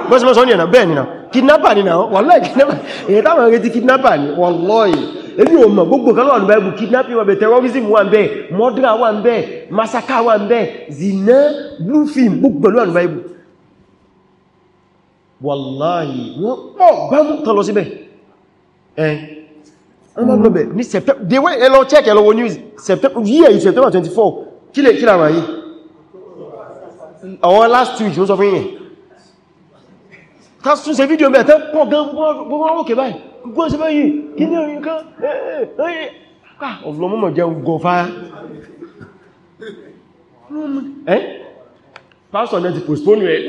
bọ́sí mọ́ sọ ní ẹ̀nà bẹ́ẹ̀ nìna kidnapper ni náà wallahi kidnapper èyí táwọn retí kidnapper ni wallahi èmi ò mọ̀ gbogbo kan ní bible kidnapping wà bẹ̀ terrorism wà ń bẹ̀ murder wà bẹ̀ massacre wà bẹ̀ zina blue film gbogbo lọ́wọ́ ní bible wallahi wọ́n pọ̀ bá mú tọ́lọ síbẹ̀ ẹ̀ ọmọ gbọ́bẹ̀ ní september they were hello check hello news september year september 24 kílẹ̀ kílẹ̀ àwọn yìí àwọn last two weeks ta tún ṣe fídíò mẹ́ tẹ́ pọ̀ gan gbogbo òkè báyìí gbogbo ṣe báyìí kí ní orin kan ẹ̀ẹ́ ah, ọ̀flọ́mọ́mọ̀ jẹ́ gọfà ẹ́ pastor náà ti postpone rẹ̀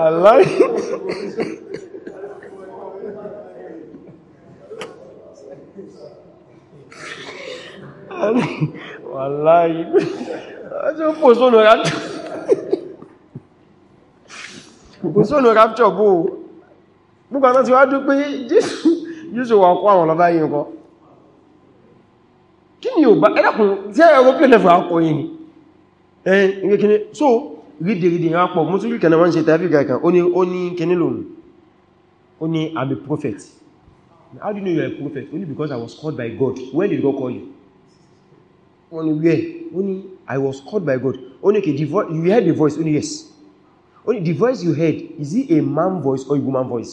[laughs] aláì báyìí tí ó pòsónù rapture pòsónù rapture bó nígbà náà ti wá dú pé Jésù wà kó àwọn lọ́bá a prophet how do you know you're a prophet only because I was called by God when did God call you wọ́n ni where wọ́n ni I was called by God wọ́n ni okay you heard the voice wọ́n ni yes wọ́n ni the voice you heard is it a man voice or a woman voice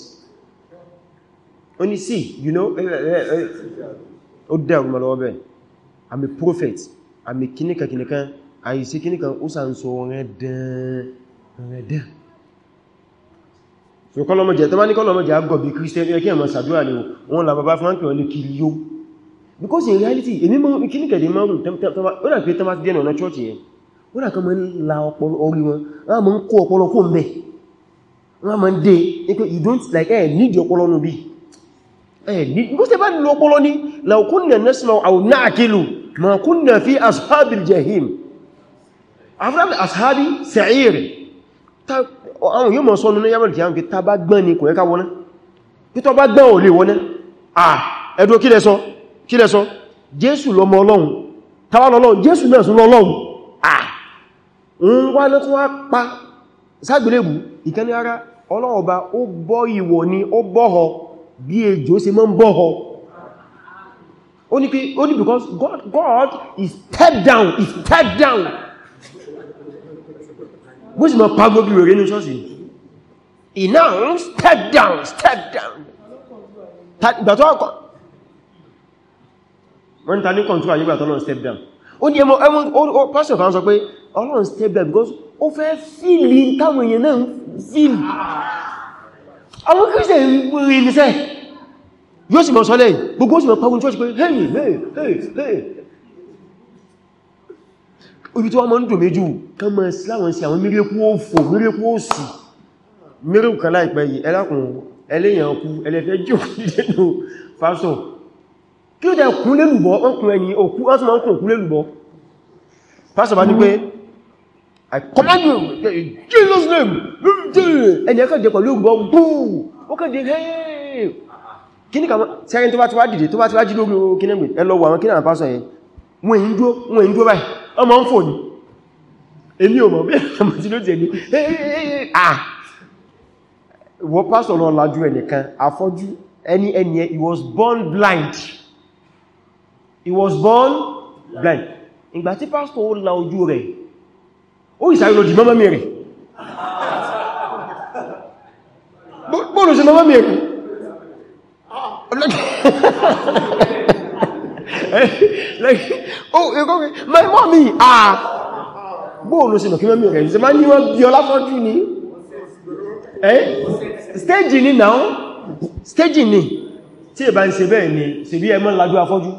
wọ́n ni see you know eh, eh, eh, ó dá ọgbọ̀n lọ́wọ́ bẹ́ẹ̀ I'm a prophet I'm a kíníkan I say kíníkan ó sà ń sọ rẹ̀ dán so kọlọmọjẹ tó bá ní kọlọmọjẹ agọ̀bí Christian ẹkẹ́ ẹ̀mọ̀ sàdúrà ni wọ́n làbàbá fún ánkẹ̀ wọn ní kiri yóò because in reality èmi mọ́ ìkíníkẹ̀dẹ̀ márùn ó dà pé tọ́wà sí dẹ́nà ọ̀nà church yẹn ó dà kan mọ́ ń la ọpọlọ orí wọn wọ́n mọ́ ń kó ọpọlọ kó ń bẹ̀ wọ́n mọ́ ń dé ipé you don't like eh, need ọpọlọ nù eh, because ẹ bá nílò ọpọlọ ní law kunna nasma'u aw na'qilu ma kunna fi ashabil jahim afram ashabi sa'ir àwọn yóò mọ̀ sọ́nù ní yàmàlì kìí ta bá gbọ́n ni kò yẹ ká wọ́ná pítọ́ bá gbọ́n ò lè wọ́ná ah ẹ̀dùn kí lẹ sọ kí lẹ sọ jésù lọmọ ọlọ́run tàwà lọ́lọ́run jésù náà sún lọ́lọ́run ah ń wá lọ́tún wá pa ságbélébù ìkẹni ara ọlọ́run ọba ó bọ́ ìwọ̀ ni ó bọ́họ bí ejò ṣe mọ́ ń bọ́họ only because God, God is step down is step down bó sì mọ́ pàgbó bí rẹ̀ ní he now step down step down ìgbà tó ọkọ̀ wọ́n ta ní kọ̀ntúrà nígbà tọ́lọ́run step down ó ní ẹmọ ẹmọ pastor kan sọ pé ọlọ́run step down because ó fẹ́ fíìlì táwọn èèyàn náà fíìlì àwọn kírísẹ̀ rí níṣẹ́ yóò sì mọ̀ sọ́lẹ̀ gbogbo ó sì mọ̀ pàgùn church pé hey hey hey hey ibi tí wọ́n mọ́ ń dùn méjì kan mọ́ sí láwọn sí àwọn mírẹ́kú òfò mírẹ́kú òsì mírẹ́kù kan láìpẹ́ yìí ẹlákùn ẹlẹ́yàn kú ẹlẹ́fẹ́ jù [laughs] nínú fásọ̀ kí ó jẹ́ kún lélùbọ́ ọkùn ẹni òkú ọ́sùn ọkùn òkú lélùbọ́ pásọ̀ bá ní pé I command you in Jesus name ẹni ẹkọ́ jẹ pẹ̀lú ògbọ́ búù ó kẹ́dẹ̀ hey kí ní kàmọ́ sẹ́rin tó bá ti wá dìde tó bá ti wá jí lórí kínígbìn ẹ lọ wọ àwọn kínígbìn pásọ̀ yẹn wọ́n èyí dúó wọ́n èyí dúó báyìí ọmọ ń fò ní èmi ò mọ̀ bí ẹ̀mọ̀ tí ló tẹ̀lé ah wọ́n pásọ̀ lọ lájú ẹnìkan afọ́jú ẹni he was born blind he was born blind ìgbà tí pastor ó la ojú rẹ̀ ó ìsàrí lójì mọ́mọ́ mẹ́rin bóòlù sí mọ́mọ́ mẹ́rin my mommy ah bóòlù sí mọ́mọ́ mẹ́rin ṣe máa ní wọ́n bí ọlá fọ́jú ni stage ni now stage ni tí ìbá ń ṣe bẹ́ẹ̀ ni ṣe bí ẹmọ́ lájú afọ́jú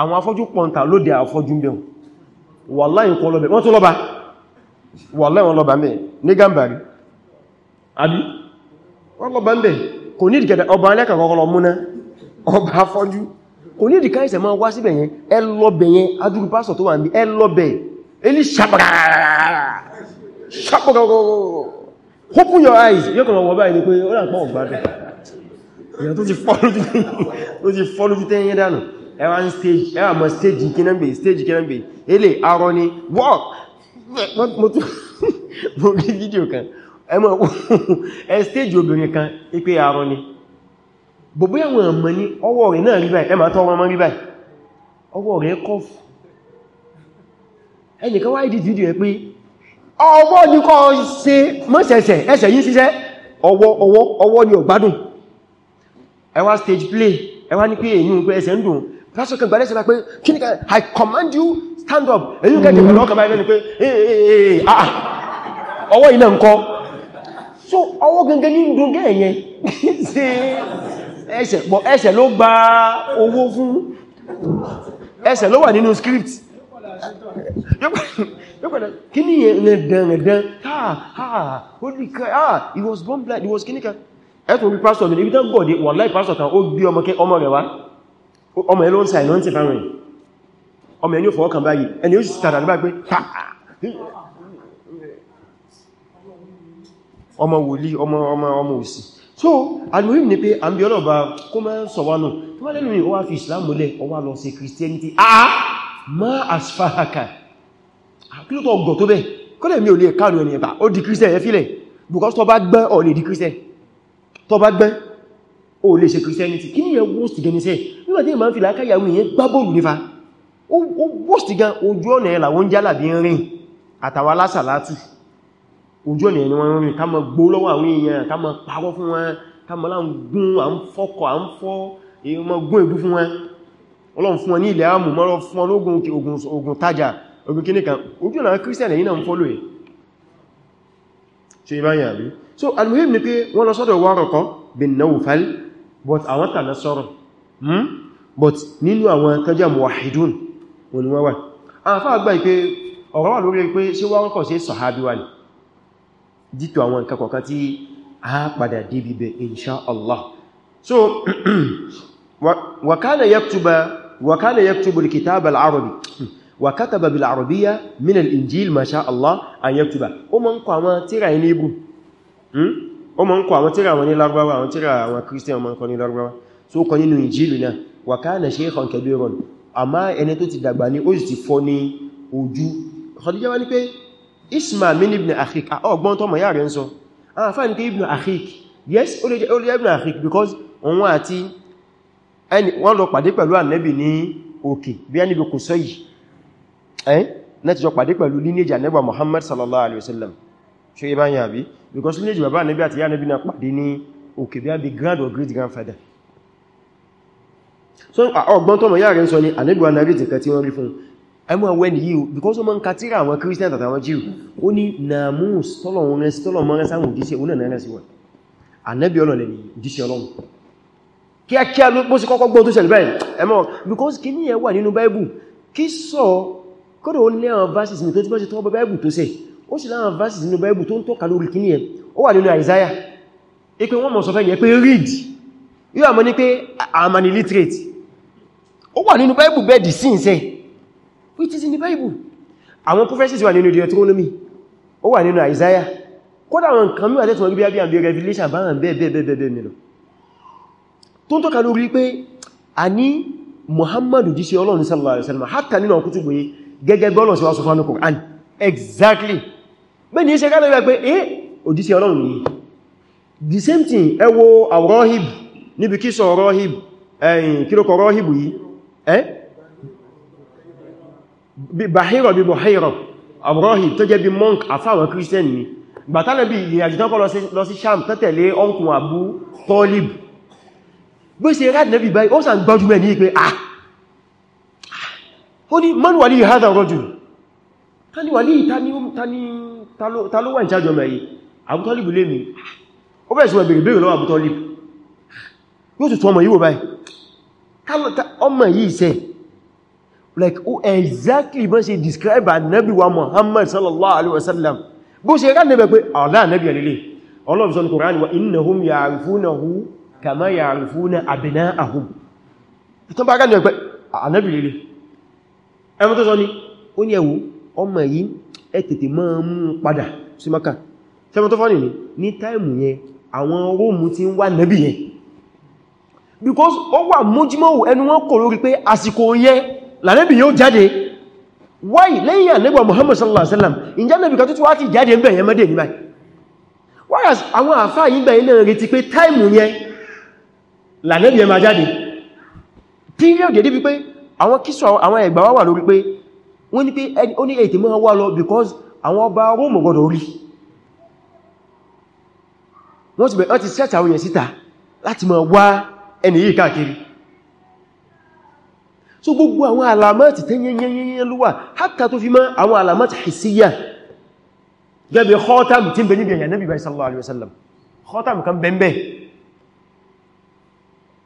àwọn afọ́jú pọ̀ntà lóde àfọ́jú ń bẹ̀rún wàláhì kan lọ́bẹ̀ wọ́n tó lọ́ba wàláhì wọn lọ́ba mẹ́ ní gàmbàrí àbí wọ́n lọ́ba ń bẹ̀ kò ní ìdíkẹ̀dẹ̀ ọba alẹ́kàkọ́kọ́lọ́ múná ọba afọ́jú kò ní ìdíkà ìsẹ̀ máa wá síbẹ̀ yẹn ẹ lọ́bẹ̀ yẹn adúrú pásọ̀ tó wà ní ẹ lọ́bẹ̀ elí open your eyes yóò kàn wọ́n báyìí pé ó rà pọ̀ ọ̀gbádùn ìyà tó ti fọ́ lójú tẹ́yìn ẹwà stage ẹwà mọ̀ stage kínàbè stage kínàbè ilé arọ ni walk mo bí [laughs] fídíò kan ẹmọ̀ [laughs] ẹ stage obìnrin kan ipé arọ ni gbogbo àwọn ọmọ ní ọwọ́ rẹ̀ náà rí báyìí ẹmà tọ́wọ́ ọmọ rí báyìí ọwọ́ rẹ̀ kọfù ẹnìkan wá ìdí fídíò ẹ pé ọwọ́ ní kọ́ ṣe mọ́sẹ̀ẹ̀sẹ̀ ẹsẹ̀ yìí ṣiṣẹ́ ọwọ́ ọwọ́ ọwọ́ ni ọ̀gbádùn ẹwà stage play ẹwà ní pé èyí ń pẹ́ ẹsẹ̀ ń dùn Pastor, kan gbàlẹ́sẹ̀ pé kí ní i command you stand up èyí kẹ́ jẹ̀kọ̀ lọ́kàn báyìí lẹ́nu pé eh, eh, eh, ah, ah. ọwọ́ iná ń kọ́ so ọwọ́ gangan ní ìdún gẹ́ẹ̀yẹn sí ẹsẹ̀ pọ̀ ẹsẹ̀ ló gba owó fún ẹsẹ̀ ló wà nínú script kí ní ẹ̀dẹ̀rẹ̀dẹ̀n ha ah, ha holy cow ah he was born blind he was kíníkà ẹ̀tùn bí pásọ̀ ní ibi tán gọ̀dẹ̀ wọ̀n láì pásọ̀ kan ó gbé ọmọ rẹ̀ wá ọmọ ẹ̀ ló ń sàìlọ́ ti fáwọn ọmọ ẹ̀ yóò fọwọ́ kan báyìí ẹni ó sì tàdà nígbà pé ọmọ wòlí ọmọ ọmọ ọmọ òsì so alimoyim ni pé a ń bí ọlọ́ba kó máa ń sọ̀wánù tó wá lẹ́nu ìwọ́wà fi Islam múlẹ̀ ọwá lọ sí Christianity ah ma asfahaka kílùtọ̀ ọgọ̀ tó bẹ́ kọ́lẹ̀ mi ò lè káàrù ẹni ẹ̀bà ó di Christian ẹ̀ fílẹ̀ because tó bá gbẹ́ ọ̀ lè di Christian tó bá gbẹ́ o lè ṣe christianity kí ní yẹ worst gan níṣẹ́ nígbàtí ìmá ń fi lákáyàwó ìyẹn gbábòlù nífà ó worst gan ojú ọ̀nà ẹ̀là wọ́n jálà bí rìn àtàwà lásàlátù ojú ọ̀nà ẹni wọ́n rìn ká mọ́ gbó lọ́wọ́ àwọn èèyàn ká mọ́ parọ́ fún wọn ká mọ́ láwọn gún à ń fọ́kọ̀ à ń fọ́ èèmọ́ gún èdú fún wọn ọlọ́run fún wọn ní ilẹ̀ àmù mọ́rọ̀ fún wọn lógun ogun tajà ogun kíní kan ojú ọ̀nà christian ẹ̀yìn náà ń fọ́lò ẹ̀ ṣe ìbáyà rí so almuhim ni pé wọ́n lọ sọ́dọ̀ Warqa bin Nawfal but àwọn kan sọ́rọ̀ hmm? but nínú àwọn kẹjá muwahidun olùwọ́wà àfá àgbà ìpé ọ̀rọ̀ wà lórí pé ṣe wọ́n kọ̀ sí sọ̀hábí wà ní dìtò àwọn ìkẹ́kọ̀ọ́kan tí a padà débi bẹ̀ inṣá so [clears throat] wakana yaktuba wakana yaktubu al-kitaba al-arabi wa kataba bil-arabiyya min al-injil ma sha Allah an yaktuba ó máa ń kọ àwọn tírà wọn ní Lárúbáwá àwọn tírà àwọn Christian máa ń kọ ní Lárúbáwá so kọ nínú Injili náà wa kana shaykhan kabiran àmá ẹni tó ti dàgbà ní ó sì ti fọ́ ní ojú yes ó lè jẹ́ ibn because òun àti wọ́n lọ pàdé pẹ̀lú ànẹ́bì ní òkè bí ẹni bí kò sọ yìí ẹ́ náà Muhammad sallallahu alaihi wasallam ṣe ibáyàn àbí because lineage bàbá Ànábì àti ìyá Ànábì náà pàdé ní òkè bí a bí grand or great grandfather so ọgbọ́n tọ́mọ̀ yáà rẹ̀ ń sọ ní Ànábì wa narrate nǹkan wọ́n rí fún ẹmọ́ ẹwẹ́ ní yíò because wọ́n mọ́ ń ka àwọn Christian àtàwọn Jew ó ní namus tọ́lọ̀wọ́n rẹ̀ sáwọn òjíṣẹ́ ó sì láwọn verses nínú Bible tó ń tọ́ka lórí kíní ẹ̀ ó wà nínú Isaiah ipé wọ́n mọ̀ sọ fẹ́ yẹ pé read yíò àmọ́ ní pé àmà ní literate ó wà nínú Bible bẹ́ẹ̀dì sí ìsẹ́ which is in the Bible àwọn prophecies wà nínú Deuteronomy ó wà nínú Isaiah kódà àwọn nǹkan mí wà tẹ́tùmọ̀ bí i àbí Revelation bá hàn bẹ́ẹ̀bẹ́ẹ̀bẹ́ẹ̀ mìíràn tó ń tọ́ka lórí pé a ní Muhammadu jíṣẹ́ Ọlọ́run sallallahu alaihi wasallam hatta nínú ọkùtùgbòye gẹ́gẹ́ bọ́lọ̀ sí wá sọ fánukùn and exactly bẹ́ẹ̀ ni ṣe kálẹ̀ rẹ̀ pé eh òjíṣẹ́ ọlọ́run yìí the same thing ẹ wo àwọ̀rọ̀hìb níbi kí sọ rọ́hìb ẹ̀yìn kílòkọ̀ rọ́hìb yìí eh bahiro bí bahiro àwọ̀rọ̀hìb tó jẹ́ bí monk àfáwọn christian ni gbàtánà bí ìrìnàjò tán kọ́ lọ sí sham tẹ́tẹ̀lé ọkùn àbú tọ́lìb bí ṣe rád nẹ́bí báyìí ó sàn gbọ́jú mẹ́ ní pé ah, ah ó ní man wali hadha rajul tani wali tani ta ló wà ní charge ọmọ yìí Abu Talib lè mi ó bẹ̀rẹ̀ sí wọ́n bèèrè bèèrè lọ́wọ́ Abu Talib yóò tuntun ọmọ yìí wò báyìí ọmọ yìí sẹ́ like o exactly bọ́n ṣe describe annabi wa Muhammad sallallahu alaihi wasallam bó ṣe rán nẹ́bẹ̀ pé ọ̀lá annabi alilé ọlọ́run sọ ní Qur'an wa innahum ya'rifunahu kama ya'rifuna abna'ahum ìtàn bá rán nẹ́bẹ̀ pé annabi alilé ẹmọ́ tó sọ ní ó ní ẹwù ọmọ yìí ẹ tètè mọ́ mú padà sí maka sẹ́mọ̀ tó fánì ní ní táìmù yẹn àwọn róòmù ti ń wá nẹ́bì yẹn because ó wà mójímọ́wò ẹnu wọn kò lórí pé àsìkò yẹn lànẹ́bì yóò jáde why lẹ́yìn ànẹ́bà Muhammad sallallahu alaihi wasallam ìjẹ́ nẹ́bì kan tó wá ti jáde ń bẹ̀yẹn mẹ́dẹ̀ níbà whereas àwọn àfáà yìí gbẹ̀yìn náà retí pé táìmù yẹn lànẹ́bì yẹn máa jáde period yẹ débi pé àwọn kíso àwọn ẹgbà wà lórí pé wọ́n ní pé ó ní ètè mọ́ wá lọ because àwọn ọba Róòmù gbọ́dọ̀ rí wọ́n ti bẹ̀rẹ̀ ti set àwọn èèyàn síta láti máa wá ẹni yìí káàkiri so gbogbo àwọn alamati tẹ́yẹnyẹnyẹnyẹ ló wà hátà tó fi mọ́ àwọn alamati hìsíyà gẹ́bẹ̀ khatam tí ń bẹ níbi ẹ̀yà Nábì sallallahu alaihi wasallam khatam kan bẹ̀m̀bẹ̀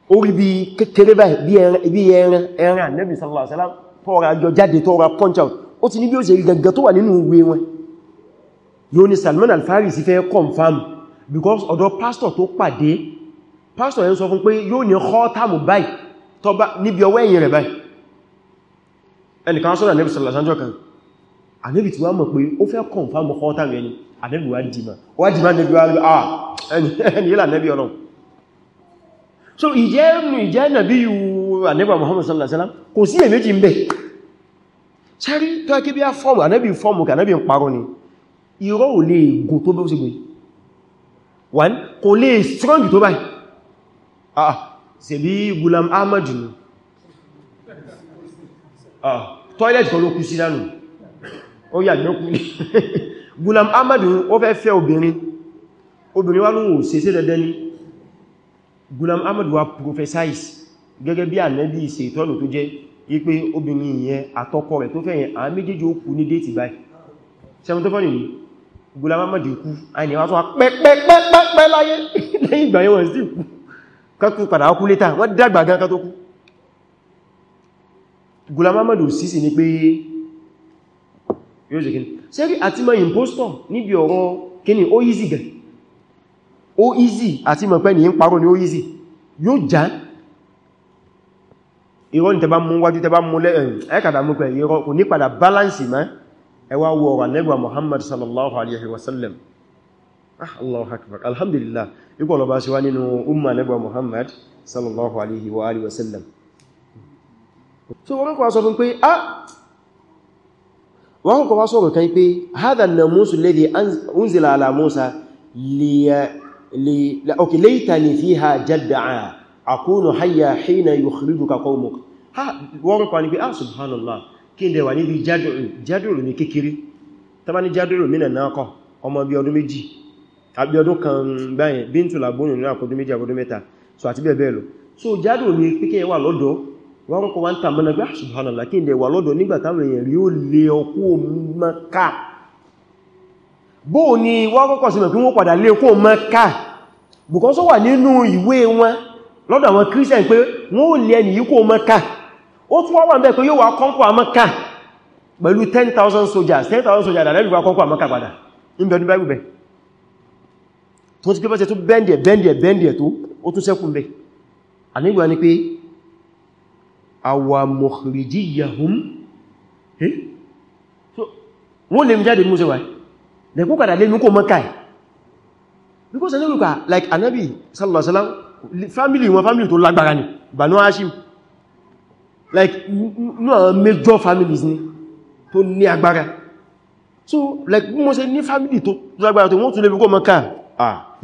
orí bí kékeré báyìí bí ẹran Nábì sallallahu alaihi wasallam tọ́ra yọ jáde tọ́ra punch out ó ti ní bí ó ṣe rí gangan tó wà nínú ìwé wọn yóò ní Salman Al-Farisi fẹ́ confirm because ọ̀dọ̀ pastor tó pàdé pastor yẹn sọ fún pé yóò ní khọ́tàmù báyìí tọba níbi ọwọ́ ẹ̀yìn rẹ̀ báyìí ẹnìkan sọ́dọ̀ Ànábì sallallahu alaihi wasallam Ànábì tí wá mọ̀ pé ó fẹ́ confirm khọ́tàmù ẹni Ànábì wá dìmà wá dìmà Ànábì wá rí ah ẹni yílà Ànábì ọlọ́run so ìjẹ́ ìjẹ́ nàbí yìí ànẹ́bà Muhammad sallallahu alaihi wasallam kò sí èméjì ń bẹ̀ sẹ́rí tó ẹkí bí á fọ́ọ̀mù ànẹ́bì fọ́ọ̀mù kà ànẹ́bì ń parọ́ ni irọ́ ò lè gùn tó bẹ́ òsìgbè wọ́n kò lè strong tó báyìí ah, ah ṣe bí Gulam Ahmad ah toilet kan ló kú sí lánàá ó yà gbẹ́kú ní [laughs] Gulam Ahmad ó fẹ́ fẹ́ obìnrin obìnrin wá lóhun ò ṣe sí dandan ni Gulam wa prophesize gẹ́gẹ́ bí ànẹ́bí ìṣètọ́nù tó jẹ́ wípé obìnrin ìyẹn àtọkọ rẹ̀ tó fẹ́yẹn àwọn méjèèjì ó kú ní déètì báyìí sẹ́wọ́n tó fẹ́ nìyí gùlámà mọ̀dì kú àìní wá tó wá pẹ́pẹ́pẹ́pẹ́ láyé [laughs] lẹ́yìn ìgbà yẹn wọ́n sì kú kọ́kú padà ọkú létà wọ́n dàgbà gan tó kú gùlámà mọ̀dì ni pé yóò jẹ́ easy gan ó easy àti mọ̀ pẹ́ ni ń easy yóò já irọ́ ní tẹba mú wájú tẹba mú lẹ́yìn ẹ́kàdà mú pẹ̀ irọ́ kò ní padà báláǹsì mẹ́ ẹwà wo ọ̀rọ̀ nẹ́gbà Muhammad sallallahu alaihi wasallam ah, Allahu akbar alhamdulillah ikọ̀ lọ bá ṣe wá nínú umma nẹ́gbà Muhammad sallallahu alaihi wa alihi wasallam so wọ́n kọ́ sọ fún pé ah wọ́n kọ́ sọ̀rọ̀ kan pé hadha akunu hayya hina yukhrijuka qawmuk ha wọ́n kọ́ ni pé ah subhanallah kí n dẹ̀wà níbi jádùrù jádùrù ní kékeré tàbí ní jádùrù mínà náà kọ́ ọmọ bí ọdún méjì àbí ọdún kan báyẹn bíntu làbónù ní àkọ́dún méjì àbọ́dún mẹ́ta so àti bẹ́ẹ̀ bẹ́ẹ̀ lọ so jádùrù ní pé kẹ́yẹ wà lọ́dọ̀ wọ́n kọ́ wọ́n tàbí ní ah subhanallah kí n lọ́dọ̀ nígbà èèyàn rí ó lé ọkú Mákà bóò ni wọ́n kọ́kọ́ sí mọ̀ wọ́n padà lé ọkú Mákà lọ́dọ̀ àwọn Christian pé wọ́n ò lè ẹni yíkó Mẹ́kà ó tún wọ́n wà ń bẹ́ pé yóò wá kọ́nkọ́ àmọ́ká pẹ̀lú 10,000 soldiers 10,000 soldiers dà lẹ́lùwà kọ́nkọ́ àmọ́ká padà ń bẹ̀ ní Bible bẹ̀ tó ti pẹ́ tó bẹ́ndẹ̀ bẹ́ndẹ̀ bẹ́ndẹ̀ tó ó tún sẹ́kùn bẹ̀ ànígbà ni pé àwa mukhrijiyahum wọ́n lè mú jáde mú sẹ́wà lẹ́kùn padà lè mú kó like Ànábì sallallahu alaihi wasallam family wọn family tó lágbára ni Banu Hashim like no major families ni tó ní agbára so like mo ṣe ní family tó lágbára tó wọ́n tún lè bí kó mọ́ ká ah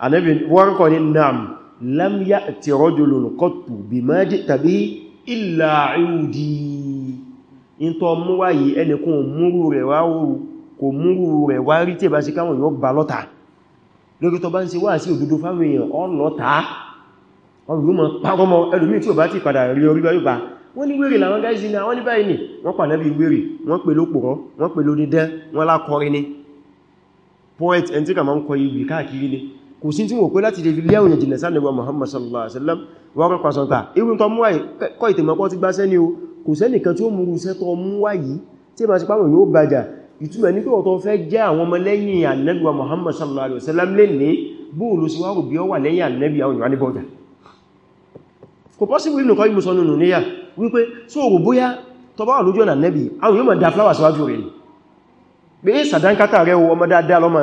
anẹ́bí wọ́n kọ́ ní nam lam ya'ti rajulun qattu bima ji'ta bihi illa 'udi in tó mú wáyé ẹnikún múrú rẹ̀ wá rú kò múrú rẹ̀ wá rí tí ẹ̀bá sí káwọn yóò bá lọ́ta lórí tó bá ń ṣe wá sí òdodo fáwọn èèyàn ọ̀nà tàá ọ̀rùn yóò mọ̀ pàgọ́mọ ẹlòmí tí ò bá ti padà rí orí bá yóò bá wọ́n ní wèrè làwọn gáìsì ní àwọn níbàáyì ni wọ́n pà náà bí wèrè wọ́n pè lópòrọ́ wọ́n pè lódídẹ́ wọ́n lákọrin ni poet ẹni tí kà máa ń kọ ìwé káàkiri ni kò sí tí wọ́n pé láti lè fi lé àwọn ìjìnlẹ̀ sáà nígbà Muhammad sallallahu alaihi wasallam wọ́n rọ́pàá sọ́ta irú tó mú wáyé kọ́ ìtẹ̀mọ́pọ́ ti gbáṣẹ́ ni o kò sẹ́nìkan tí ó mú rúṣẹ́ tó ìtumọ̀ ní pé ọ̀tọ̀ fẹ́ jẹ́ àwọn ọmọ lẹ́yìn Ànábì wa Muhammad sallallahu alaihi wasallam lè ní bóòlù sí wárò bí ó wà lẹ́yìn Ànábì àwọn ìwà ní bọ́dà kò pọ́síwì nìkan yìí mùsọ̀nù nù níyà wípé só rò bóyá tó bá wà lójú ọ̀nà Ànábì àwọn yóò máa da fláwà síwájú rẹ̀ pé sàdánkátà rẹ̀ ọmọ dáadáa lọ́mọ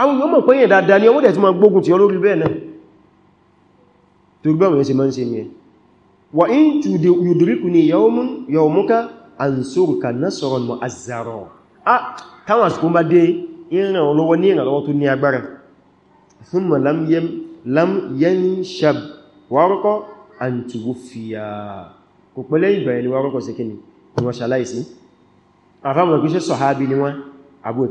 àwọn yóò mọ̀ pé yẹn dáadáa ni ọmọdé tí ma gbógun tí olórí mọ̀ sí Ah, táwọn àsìkò bá dé ìrìnà olówó ní ìrànlọ́wọ́ tó ní agbára thumma lam yanshab Warqa an tuwuffiya kò pẹ́lẹ́ ìgbà ẹni Warqa sí kí ni wọ́n ṣaláìsí àfáàmù kí ṣe sọ̀hábí ni wọ́n abu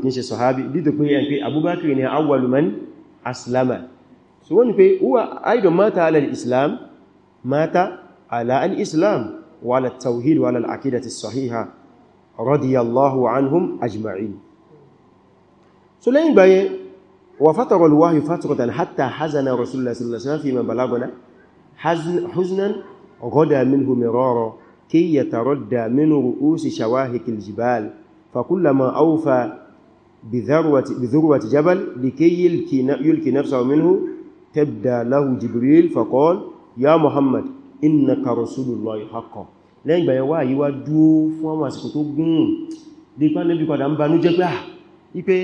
islam mata ala al-islam wa ala tawhid wa ala al-aqidati sahiha رضي الله عنهم أجمعين سلين باي وفتر الله فترة حتى حزن رسول الله صلى الله عليه وسلم فيما بلغنا حزن حزنا غدا منه مرارا كي يتردى من رؤوس شواهك الجبال فكلما أوفى بذروة, بذروة جبل لكي يلكي نفسه منه تبدى له جبريل فقال يا محمد إنك رسول الله حقا lẹ́yìn ìgbà yẹn wá yíwá dúó fún àwọn àsìkò tó gùn dé pán lẹ́bí padà ń banú jẹ́ pé à ah, ipé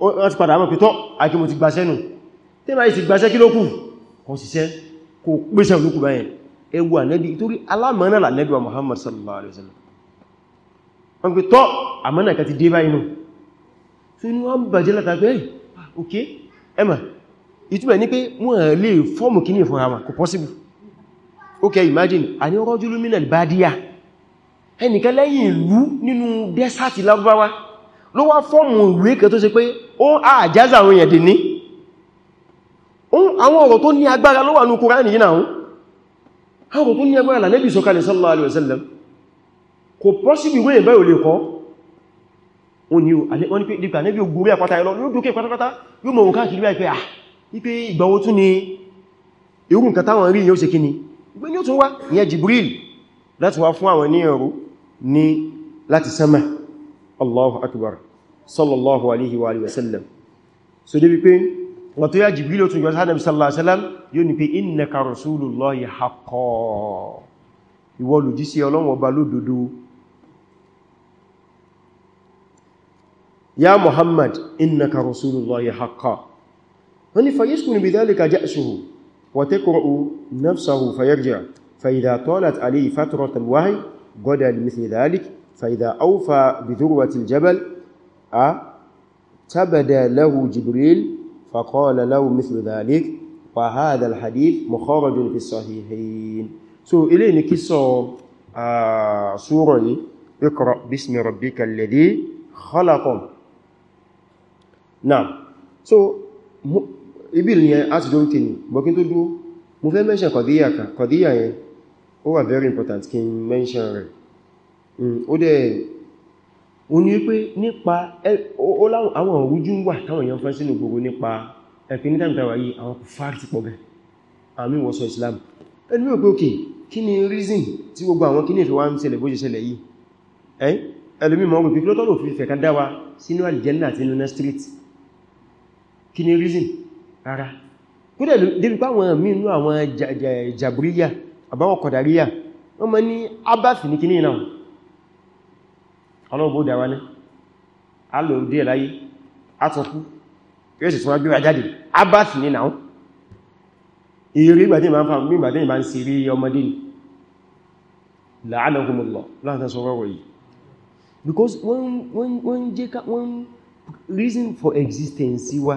wọ́n ti padà mọ̀ pé tọ́ àti mo ti gbaṣẹ́ nù tí ma yìí ti gbaṣẹ́ kí ló kù kò síṣẹ́ kò pèsè olókù báyẹn ewu ànẹ́bí ah, ni wọ́n bàjẹ́ látà pé ok ẹmà ìtumẹ̀ okay imagine a ní rọ́júlú mínà bádíyà ẹnìkan lẹ́yìn ìlú nínú dẹ́sàtì lárúbáwá ló wá fọ́ọ̀mù ìwé kẹ tó ṣe pé ó àjázà àwọn èèyàn dì ní àwọn ọ̀rọ̀ tó ní agbára ló wà ní kúránì yìí náà ọ̀rọ̀ tó ní agbára lànẹ́bì sọ̀kalẹ̀ sallallahu alaihi wasallam kò pọ́síbì wé ìbẹ́ òlè kọ́ ó ní wọ́n ni pé dípa nẹ́bì ògúnrí àpáta ẹ̀lọ yóò ah, ìgbàwó tún ni irú nǹkan táwọn rí yóò ṣe kíni gbé ní ó tún wá ní Jibril láti wá fún àwọn níyànrú ní láti sánmà Allahu akbar sallallahu alaihi wa alihi wasallam so débi pé wọ́n tó yá Jibril ó tún yọ sáàdàm sallallahu alaihi wasallam yóò ní pé innaka rasulullahi haqqan ìwọ lòjíṣẹ́ Ọlọ́run ọba lódodo ya Muhammad innaka وتقرأ نفسه فيرجع فإذا طالت عليه فترة الوهي قد مثل ذلك فإذا أوفى بذروة الجبل آه، تبدى له جبريل فقال له مثل ذلك وهذا الحديث مخارج في الصحيحين سو إليني كسو آه، سورة اقرأ باسم ربك الذي خلق نعم سو ibil yẹn a ti dórí tèmi bọ̀kín tó dúró mo fẹ́ mention kọ̀díyà kan kọ̀díyà yẹn ó wà very important kí n mention rẹ̀ hmm, ó dẹ̀ ó ní pé nípa àwọn òrújú wà táwọn èèyàn fẹ́ sínú gbogbo nípa ẹ̀kì ní tàbí àwáyé àwọn kò fárí ti pọ̀ bẹ̀ àmì wọ́sọ Islam ẹni mẹ́ pé reason tí gbogbo àwọn kí ní ìfẹ́ wá ń ṣẹlẹ̀ bó ṣe ṣẹlẹ̀ yìí ẹlùmí mọ́ pípí lọ́tọ́lù fi street kí ni reason rárá kúrẹ̀ débi pá wọn mí inú àwọn jàbríyà àbáwọn kọ̀dàríyà wọ́n mọ́ ní abáfì ní kíní náà ọlọ́gbọ́ dáwà ní alòdí ẹ̀láyé atọ́kú yóò sì tún wá gbíra jáde abáfì ní náà eré ìgbàdé ma ń fa gbígbàdé ma ń se rí ọmọdé ni la'anahumullah láàrín sọ rọrọ reason for existence wa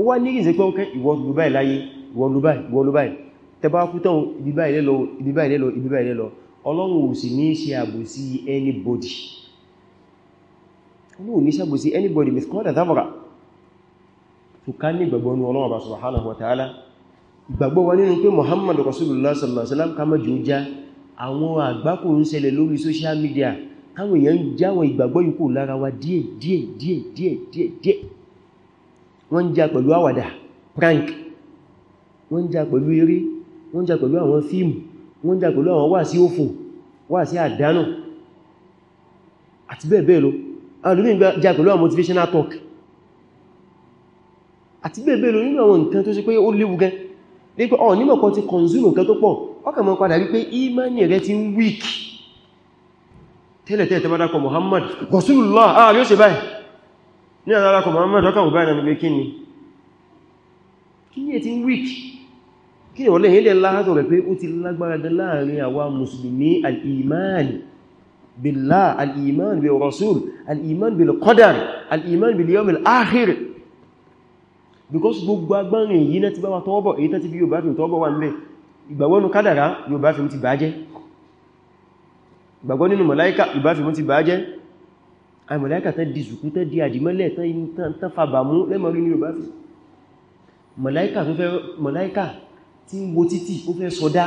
ó wá ní ìrìnsẹ̀ pé ókẹ́ ìwọ dubai láyé ìwọ dubai ìwọ dubai tẹbá kútọ̀ ìdíbà ìlẹ́lọ ìdíbà ìlẹ́lọ ìdíbà ìlẹ́lọ ọlọ́run ò sì ní ṣe àbòsí anybody ọlọ́run ní ṣàbòsí anybody with kọ́dà tàbàrà tó ká ní ìgbàgbọ́ ní ọlọ́run bá subhanahu wa ta'ala ìgbàgbọ́ wa nínú pé Muhammad rasulullah sallallahu alaihi wasallam kama jù já àwọn àgbákò ń ṣẹlẹ̀ lórí social media káwọn èèyàn jáwọn ìgbàgbọ́ yìí kò lára wa díẹ̀ díẹ̀ díẹ̀ díẹ̀ díẹ̀ wọ́n jà pẹ̀lú àwàdà prank wọ́n jà pẹ̀lú eré wọ́n jà pẹ̀lú àwọn fíìmù wọ́n jà pẹ̀lú àwọn wàásí òfò wàásí àdánù àti bẹ́ẹ̀ bẹ́ẹ̀ lọ alùmí jà pẹ̀lú àwọn motivational talk àti bẹ́ẹ̀ bẹ́ẹ̀ lọ nínú àwọn nǹkan tó ṣe pé ó léwu gan ní pé ọ̀ nímọ̀ kan ti consume nǹkan tó pọ̀ ọkà mọ́ padà wípé imani rẹ ti ń weak tẹ́lẹ̀tẹ́lẹ̀ tẹ́bádákọ̀ Muhammad Rasulullah ah yóò ṣe báyìí ní àlárakọ̀ Muhammad ọkà ọgbà ìrìnà pé kíni kíni ètí week kíni wọlé ilẹ̀ láàtọ̀ rẹ̀ pé ó ti lágbára dá láàrin àwa musulmi al-iman billah al-iman bil rasul al-iman bil qadar al-iman bil yawm al-akhir because gbogbo agbárin èyí náà ti bá wa tọ́wọ́bọ̀ èyí wà nílẹ̀ àmàlẹ́kà tán di sùkú tán di àdìmọ́lẹ̀ tán fàbàmú lẹ́mọ̀rí ní Yorùbá fi màláíkà tí ń wo títì ó fẹ́ sọdá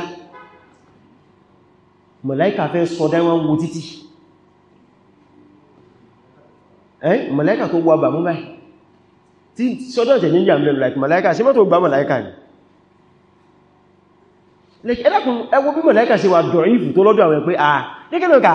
màláíkà fẹ́ sọdá wọn wo títì ẹ́ màláíkà tó wà bàmú báyìí tí sọ́dọ̀ tẹ̀ níyà mẹ́rin màláíkà ṣe mọ́tò gbá màláíkà ni ẹlẹ́kùn ẹwọ́ bí màláíkà ṣe wà dọ̀rí ìfù tó lọ́dọ̀ àwọn ẹ̀ pé à ah, nígbẹ̀lọ́kà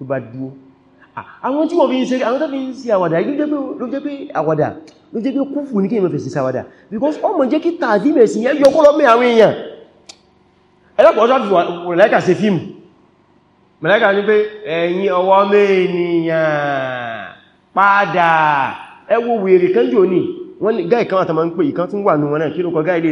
tó bá dúó àwọn tí wọ́n fi ń ṣe àwọn tó fi ń ṣe àwàdà ló jẹ́ pé àwàdà ló jẹ́ pé kúfù ní kí èmọ̀ fèsì sàwàdà because ọmọ jẹ́ kí tààdí mẹ̀sí yẹ́ yọkọ́ lọ́mẹ́ àwọn èèyàn ẹlọ́pọ̀ ọjọ́ fi mọ̀láíkà ṣe fíìmù mọ̀láíkà ní pé ẹ̀yin ọwọ́ mẹ́ẹ̀nìyàn padà ẹ wo wèrè kan jò ní wọ́n ní gáì kan àtàmà ń pè ìkan tún wà ní wọn náà kí ló kọ gáì lè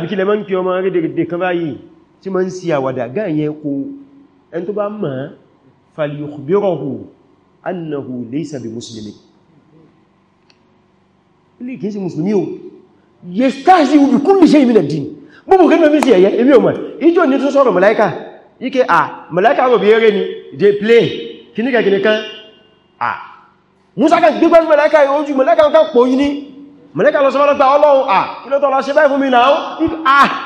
bí kí lẹ mọ́ ń pè ọmọ rédèrèdè kan báyìí tí ma ń si àwàdà gáàyẹ kó ẹn tó bá mọ̀ falyukhbirahu annahu laysa bi muslimi ilé kìí sí musulmi o yẹ stáàsì ibi kulli shay min ad-din gbogbo kí ní sí ẹ̀yẹ èmi ọmọ ìjọ ní tó sọ̀rọ̀ mọ̀láíkà ike à mọ̀láíkà rọ̀ bí eré ni they play kìníkà kìníkà à musa kan gbígbẹ́ mọ̀láíkà ojú mọ̀láíkà kan pọ̀ yí ní mọ̀láíkà lọ sọ́lọ́gbà ọlọ́run à kí ló tọ́lọ ṣe báyìí fún mi náà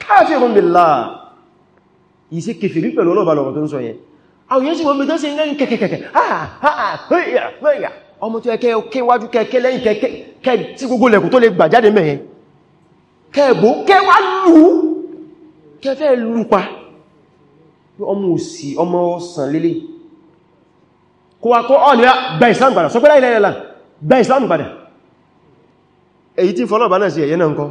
kafirun billah ìṣe kèfèrí pẹ̀lú ọlọ́bà lọ́rọ̀ tó ń sọ yẹn àwọn yẹn sì wọ́n mẹ́tọ́ sí ń kẹ́kẹ́kẹ́kẹ́ ọmọ tó ẹkẹ́ kéwájú kẹ́kẹ́ lẹ́yìn kẹ́kẹ́ tí gbogbo lẹ̀kùn tó lè gbà jáde mẹ́yẹn kẹ́ẹ̀bó kẹwà lù kẹfẹ́ lùpa ọmọ òsì ọmọ ọsàn lélẹ̀ kó wá kó ọ̀ nílá gba islam padà sọ pé láìlẹ́lẹ́lá gba islam padà èyí tí fọ́lọ̀bá náà sí ẹ̀yẹ́ náà nǹkan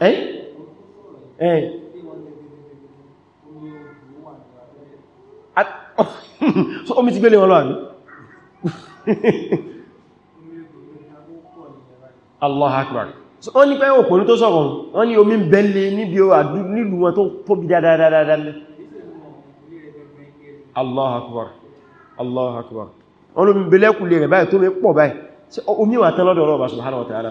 [laughs] omi ti gbélé wọn lọ àmì [laughs] Allah akbar so wọ́n ni pé òpònú tó sọ̀rọ̀ wọ́n ni omi bẹ̀lẹ̀ níbi nílùú wọn tó pọ̀bí dáadáa Allah akbar Allah akbar wọ́n lómi bẹ̀lẹ̀ kùlẹ̀ rẹ̀ báyìí tó mẹ́ pọ̀ báyìí omi wà tán lọ́dọ̀ ọ̀rọ̀ subhanahu wa ta'ala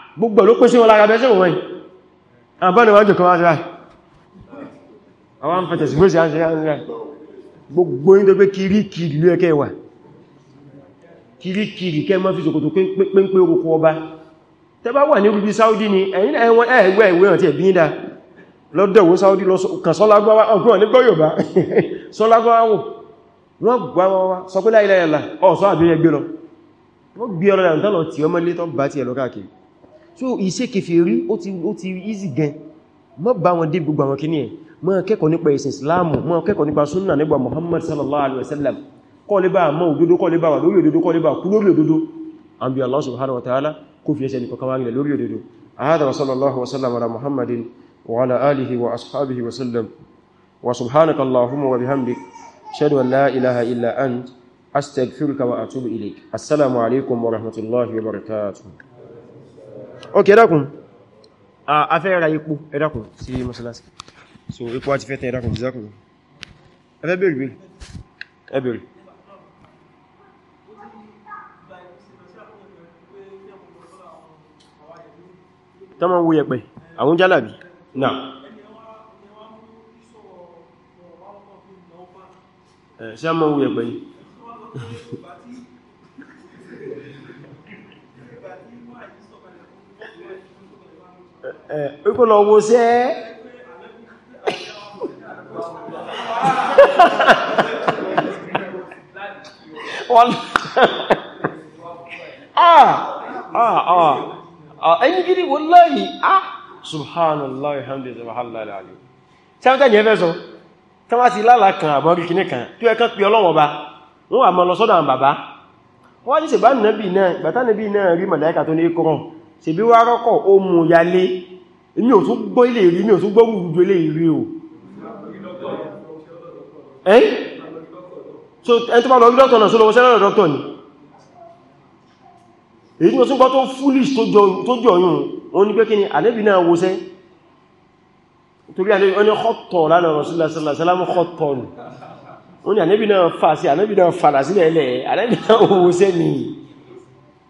gbogbo ló pín sí wọn lára bẹ́ sí wọn wọ́n àbániwájú kan wá sí ráì àwọn ń fẹ̀tẹ̀ sí gbé sí à ń ṣe ráì gbogbo ní tó pé kìríkìrí ló ẹkẹ́ wà kìríkìrí kẹ́ mọ́ fi ṣòkòtò pínpé orúkọ ọba tẹ́ bá wà ní rúbí Saudi ni ẹ̀yìn ẹ̀wọ̀n ẹ̀gbẹ́ ìwé ọ̀tí ẹ̀bí ní dá lọ́dẹ̀wó Saudi [laughs] kan sọ́lágbáwá ọgbọ́n ní gbọ́yọ̀bá sọ́lágbáwá wọ́n gbáwá sọ pé láìláyàlá ọ̀sọ́ àbí ẹgbẹ́ lọ wọ́n gbé ọlọ́dà ń tọ́lọ̀ tí ọmọ ilé tó bá ti ẹ̀lọ́ káàkiri so ìṣe kèfèrí ó ti ó ti easy gan mọ́ bá wọn dé gbogbo àwọn kìíní ẹ̀ mọ́ kẹ́kọ̀ọ́ nípa ìsìn islamu mọ́ kẹ́kọ̀ọ́ nípa sunna nípa muhammad sallallahu alaihi wasallam kọ́ lè bá mọ́ òdodo kọ́ lè bá wà lórí òdodo kọ́ lè bá kú lórí òdodo an bí allah subhanahu wa ta'ala kó fi ẹsẹ̀ ní kọkàwà nílẹ̀ lórí òdodo a hada wa sallallahu wa sallam ala muhammadin wa ala alihi ok ẹ̀dàkùn afẹ́ ra epo ẹ̀dàkùn sí mọ́sálásí so epo àti fẹ́tẹ̀ ẹ̀dàkùn ìzákùn ẹfẹ́ bèèrè bèèrè ẹbèèrè tọ́mọ̀ wo yẹ̀pẹ̀ àwọn jálàbí náà ṣe mọ́ wo yẹ̀pẹ̀ yìí [laughs] wípé lọ wo sí ẹ́ ẹni gidi wọ́n láyìí ah subhanallah alhamdulillah subhanallah alayhi tí a ń tẹ́yìn ẹfẹ́ sọ tí wọ́n ti lálà kan àbọ̀rí kìíní kan tí ẹ kàn pí ọlọ́wọ́ bá wọ́n àmọ́ lọ sọ́dọ̀ àwọn bàbá wọ́n á ní sèbá nẹ́bì náà ìgbàtà nẹ́bì náà rí màláíkà tó ní kọ́rọ̀ ṣe bí wá rọ́kọ̀ ó mú yalé èmi ò tún gbọ́ ilé ìrí mi ò tún gbọ́ gbogbo ilé ìrí o ẹ́yìn so ẹni tó bá lọ rí dọ́tọ̀ náà só lọ́wọ́ sẹ́lọ́rọ̀ dọ́tọ̀ ni èyí tó tún gbọ́ tó foolish tó jọ yùn òun ni pé kí ni ànábì náà wo sẹ́ torí ànábì ọ́nà ọ̀tọ̀ lánàá Rasulullah sallallahu alaihi wasallam ọ̀tọ̀ ni ànábì náà fà sí ànábì náà fàdà sílẹ̀ ẹlẹ́ ànábì náà wo sẹ́ nìyí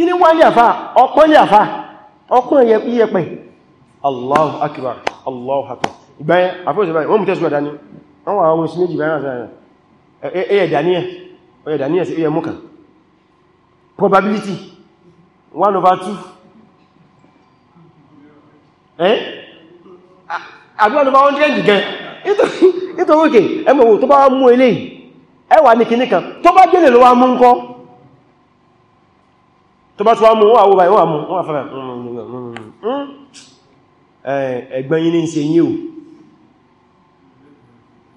kí ní wá ní àfá ọkọ́ ya àfá ọkọ́ iyẹ̀pẹ̀ Allahu akbar Allahu akbar ìgbáyẹn àfóòsì báyìí wọ́n mú tẹ́sùgbà dání probability 1 2 eh 100 ẹmọ̀wò tó bá mú ẹwà ní kìníkan tó bá gẹ́lẹ̀ mú tó bá tó wá mú wọ́n àwọ́ báyìí wọ́n mú wọ́n àfẹ́fẹ́ hmm? ẹ̀gbọ́n yìí ní ṣe yíò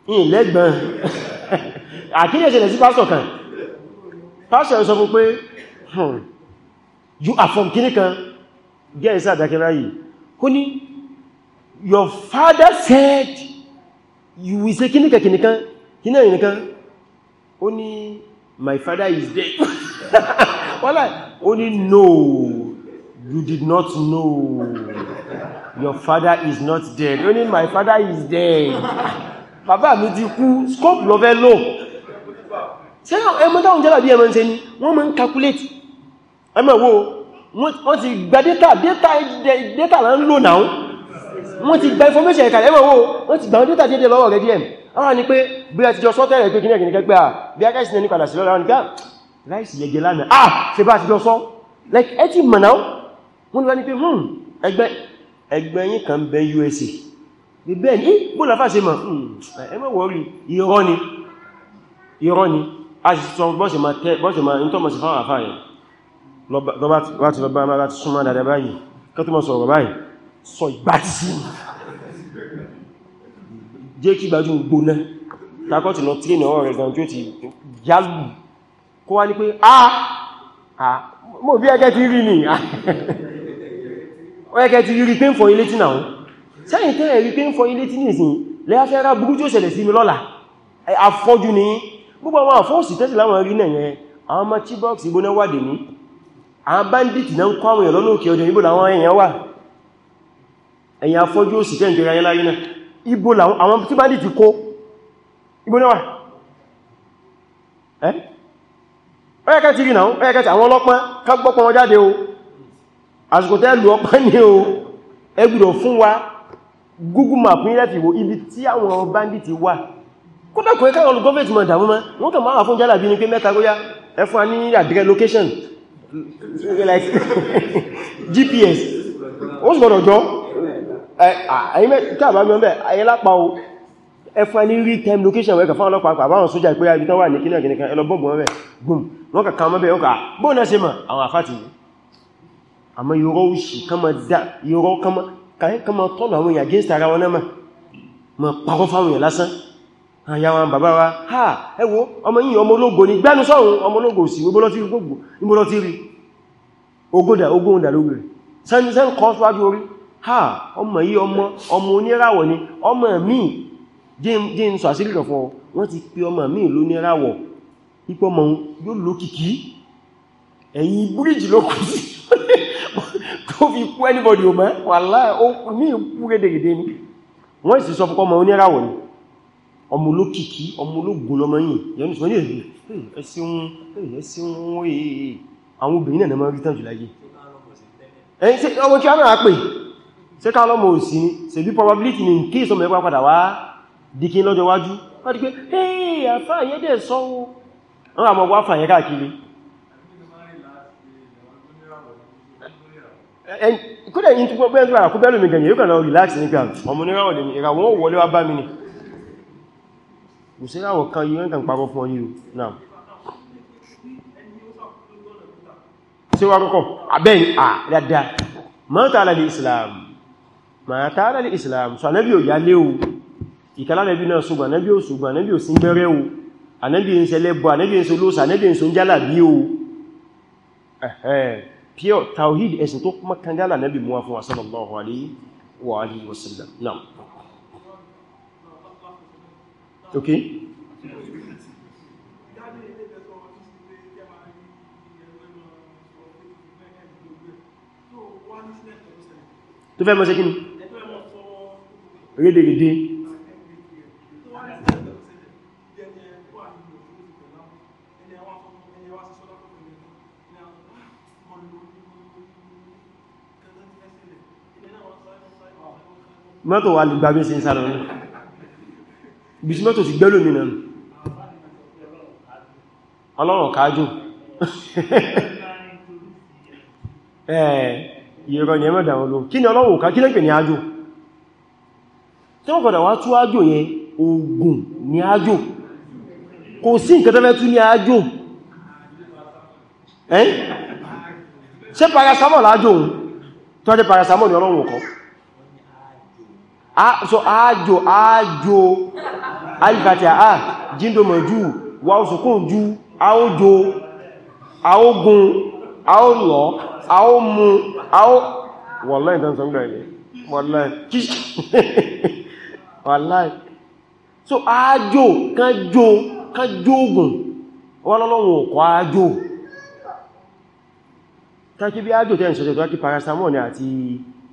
yìí lẹ́gbọ́n [laughs] àkíyèsẹ̀lẹ̀ sí pásọ̀ kan pásọ̀ sọ fún pé hmm, you are from kìní kan gẹ́ ìsá àdákẹ́rá yìí kó ní your father said you will say kìní kan kìní kan kìní kan ó ní my father is dead [laughs] wọ́n láì ó no you did not know your father is not dead ó ní my father is dead bàbá mi ti kú scope lọ fẹ́ lò ṣe ẹmọ táwọn jẹ́ bàbí ẹmọ ń ṣe ni wọ́n mọ́ ń calculate ẹmọ wo wọ́n ti gba data data data la ń lò náà wọ́n ti gba information ẹ̀kàlẹ̀ ẹmọ wo wọ́n ti gba data dédé lọ́wọ́ rẹ̀ díẹ̀ àwọn ni pé bí a ti jọ sọ́tẹ̀rẹ̀ pé kí láìsí yẹgẹ lánàá ah ṣe bá ti lọ sọ like ẹ ti mọ̀ náà wọ́n lọ ní pé hmm ẹgbẹ́ ẹgbẹ́ yìí kan bẹ USA ní bẹ́ẹ̀ ní eh, bó lafá ṣe mọ̀ hmm, ẹ má worry irọ́ ni irọ́ ni a sì sọ bọ́ṣe ma tẹ́ bọ́ṣe ma ń tọ́mọ̀ sí fáwọn àfáà yẹn láti lọ bá má láti súnmọ́ dada báyìí kẹ́ tó mọ́ sọ̀rọ̀ báyìí sọ ìgbà ti sí jẹ́ kí gbájú gbóná takọ́ ti lọ tí ní ọwọ́ rẹ̀ gan tí ó ti yálù kó wá ní pé ah, ah mo bí ẹgẹ́ ti rí ní [laughs] ẹgẹ́ ti rí pé ń fọ ilé tí náà sẹ́yìn tẹ́ rí pé ń fọ ilé tí nìsìn lẹ́yàfẹ́ rá burú tí ó ṣẹlẹ̀ sí mi lọ́la afọ́jú ní gbogbo àwọn àfọ́ọ̀sì tẹ́sì láwọn rí nẹ̀yẹn àwọn ọmọ chibok ìgbóná wàdè ní àwọn banditi náà ń kọ́ àwọn èèyàn lọ́nà òkè ọjọ́ ibo làwọn èèyàn wà ẹ̀yìn afọ́jú òsì tẹ́ ìjọra ayé láyé náà ibo làwọn tí banditi kó ibo náà wà ẹ́ẹ̀kẹ́ ti rí náà ẹ́ẹ̀kẹ́ ti àwọn ọlọ́pẹ́ kágbọ́pọ̀ wọn jáde o àsìkò tẹ́lù ọpẹ́ ní o ẹgbùdọ̀ fún wa Google Map ní lẹ́fì wo ibi tí àwọn bandit wà kódàkùn ẹkẹ́ ọlù gọ́ọ̀mẹ̀tì mọ̀ dàmú mọ́ wọ́n kàn máa fún jálàbí ní pé mẹ́ta góyá ẹ fún wa ní àdírẹ́ like GPS [laughs] ó sì gbọ́dọ̀ jọ ẹfún ẹni rí time location wẹ́kà fún ọlọ́pàá àbáwọn sójà ìpé ibi tán wà ní kílẹ̀ gẹ̀ẹ́kan ẹlọ́bọ̀bọ̀ rẹ̀ gbùm wọ́n kàkà mọ́bẹ̀ ọkà bóò náà ṣe mọ̀ àwọn àfáàtì yìí àmọ́ yóò òṣì kama tọ́lọ̀ àwọn èèyàn gẹ́ẹ̀sì ara wọn náà mọ̀ pàkọ́ fáwọn èèyàn lásán àyà wọn bàbá wa ha ẹwọ ọmọ yìí ọmọ ológo ni gbẹ́nu sọ́run ọmọ ológo sí ìgbólọ́ ti rí ogódà ogóhùndà lórí rẹ̀ sẹ́ńkọ́ síwájú orí ha ọmọ yìí ọmọ oníràwọ̀ ni ọmọ míì jí ń sọ àṣírí kan fún ọ wọ́n ti pè ọmọ míì ló ní ráwọ̀ pípọ́ mọ̀ yóò lókìkí ẹ̀yìn bíríjì ló kù sí tó [laughs] fi kú anybody ọmọ wàlá ní ìkú gẹ́dẹ̀gẹ́dẹ́ ni wọ́n sì sọ fún ọmọ oníráwọ̀ ni ọmọ olókìkí ọmọ ológun lọmọ yìí yẹnu sọ ní ẹ̀sìn ẹ̀sìn àwọn obìnrin náà mọ́ rí tán jù láyé ẹ̀yìn sí ọmọ kí á náà pè ṣe ká lọ́mọ òsì ni ṣe bí probability in case ọmọ ẹgbà padà wá dìkí lọ́jọ́ wájú wọ́n ti pé hey àfá àyẹ́dẹ̀ sọ́wọ́ wọ́n àmọ́ wá fàyẹ káàkiri kúrẹ̀ yìí tí gbogbo ẹ̀ntọ́ àkúbẹ̀lù mi gẹ̀yẹ̀ yóò kàn lọ relax ní gbàm ọmọ oníràwọ̀ lèmi ìràwọ̀ wọlé wá bá mi ní òsìràwọ̀ kan yìí rẹ̀kàn parọ́ fún ọyí náà sí wá kọ́kọ́ abẹ́yìn à dáadáa mọ́ta alẹ́ islam mọ́ta alẹ́ islam so anẹ́bí ò yá léwu ìkàlánẹ́bí náà ṣùgbọ́n anẹ́bí ò ṣùgbọ́n anẹ́bí ò sí gbẹ́rẹ́ o anẹ́bí ń ṣẹlẹ́bọ anẹ́bí ń ṣolóòsà anẹ́bí ń ṣonjálà bí o pure tawhid ẹ̀sìn tó kúmọ́ kangálà anẹ́bí mú wa fún wa sallallahu alaihi wa alihi wa sallam naam okay tó fẹ́ mọ́ sí kí mọ́tò wà lè gbàgbé sí ìsàlọ̀ ní bí sí mọ́tò ti gbẹ́lò mi náà ọlọ́run káájò [laughs] ìrọ̀ ni ẹmọ́dà wọn ló kí ni ọlọ́run ká kí lẹ́pẹ̀ ní ájò tí wọ́n padà wá tú ájò yẹn ogun ní ájò kò sí nǹkan tẹ́lẹ̀ tú ní ájò ṣe parasamọ́ lájò tó jẹ́ parasamọ́ ni ọlọ́run kọ́ so ajo ajo alifati a jíndòmọ̀ jù wà òsùnkún ju a ó jo a ó gun a ó lọ a ó mu a ó wọ̀lẹ́ ìdánsọ̀ ńgbà ilẹ̀ wọ̀lẹ́ kí wọ̀lẹ́ so ajo kan jo kan jogun wọ́n lọ́lọ́wọ́ ọkọ̀ ajo tàkí bí ajo tẹ́ ìṣẹ́jẹ̀ tó kí paracetamol ni àti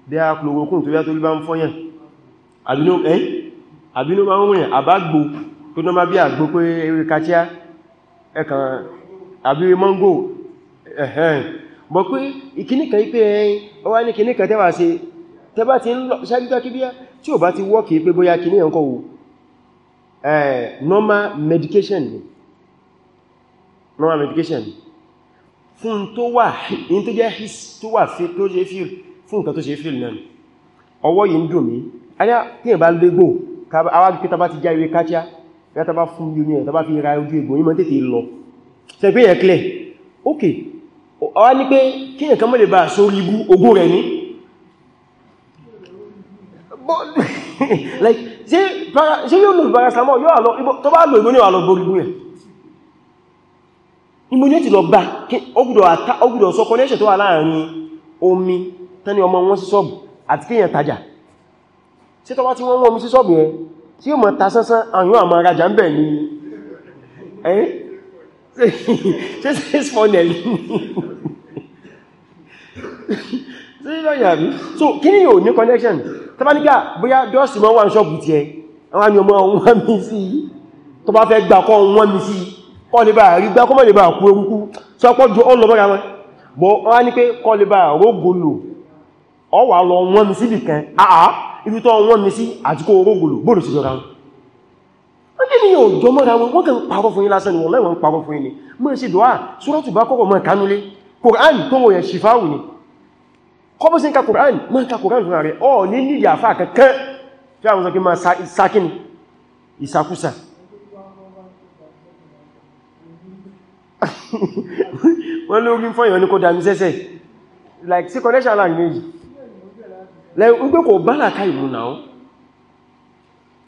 bí a chloroquine tó bí a tó bí bá ń àbínú ma ń rìn àbágbò tó náà má bí àgbò pé eré kàtíá ẹkàn àbí mọ́ngò ẹ̀hẹ́n bọ̀ pé ìkíníkà ipé ẹ̀yìn ó wá ní kíníkà tẹ́wà sí tẹ́bá ti ń lọ ṣájútà kí bí tí ò bá ti wọ́kì pé bóyá kíní ẹ̀kọ́ wò medication normal medication fún tó wà his tó wà fi tó jẹ́ fíl fún nǹkan tó ṣe ọwọ́ yìí ń dùn mí ayá tí ẹ̀bá lẹ́gbò awájú pé tàbá ti já ìwé káchá ya tàbá fún yìí ní tàbá fi ra ojú egbò yìí mọ́ tètè lọ ṣe pé yẹn clear ok ọwá ní pé kí ẹ̀kan mọ́ lè bá sórí ibú ogún rẹ̀ ní [laughs] ṣe yóò lò paracetamol yóò àlọ́ tó bá lò ìgbóní àlọ́ borí ibú rẹ̀ ìmú lọ bá omi tẹ́ni ọmọ wọn sí sọ́ọ̀bù àti kíyàn tajà sí tọwá tí wọ́n wọ́n mi sí sọ́bì ẹ tí yíò mọ̀ ta sánsán àyún àmà rajà ń bẹ̀ ní ẹ́yìn ṣe ṣe fọ́nẹ̀lì sí lọ́yà rí so kí ni yóò ní connection tàbáníkà bóyá dọ́ọ̀sì mọ́ wà ń ṣọ́bù ti ẹ àwọn ni ọmọ wọn mi sí ọwà lọ wọn mi síbì kan àà ibi tó wọ́n mi sí àti kó orógùlù bóòlù sí jọra wọn wọ́n ní yóò jọ mọ́ra wọn wọ́n kàn parọ́ fún yín lásán ni wọ́n lẹ́wọ̀n parọ́ fún yín ni mọ́ sí dùá súrọ́tù bá kọ́kọ́ mọ́ kánúlé Qur'an tó wọ́n yẹ ṣìfáwù ni kọ́bọ́ sí ka Qur'an mọ́ ka Qur'an fún rẹ̀ ọ̀ ní ní ìyàfà kankan tí a mọ́ sọ kí máa sákín ìsakúsà [laughs] wọ́n lórí fọ́yàn ní kó dàmí sẹ́sẹ̀ like sí connection language wípé kò bá làkà ìlú náà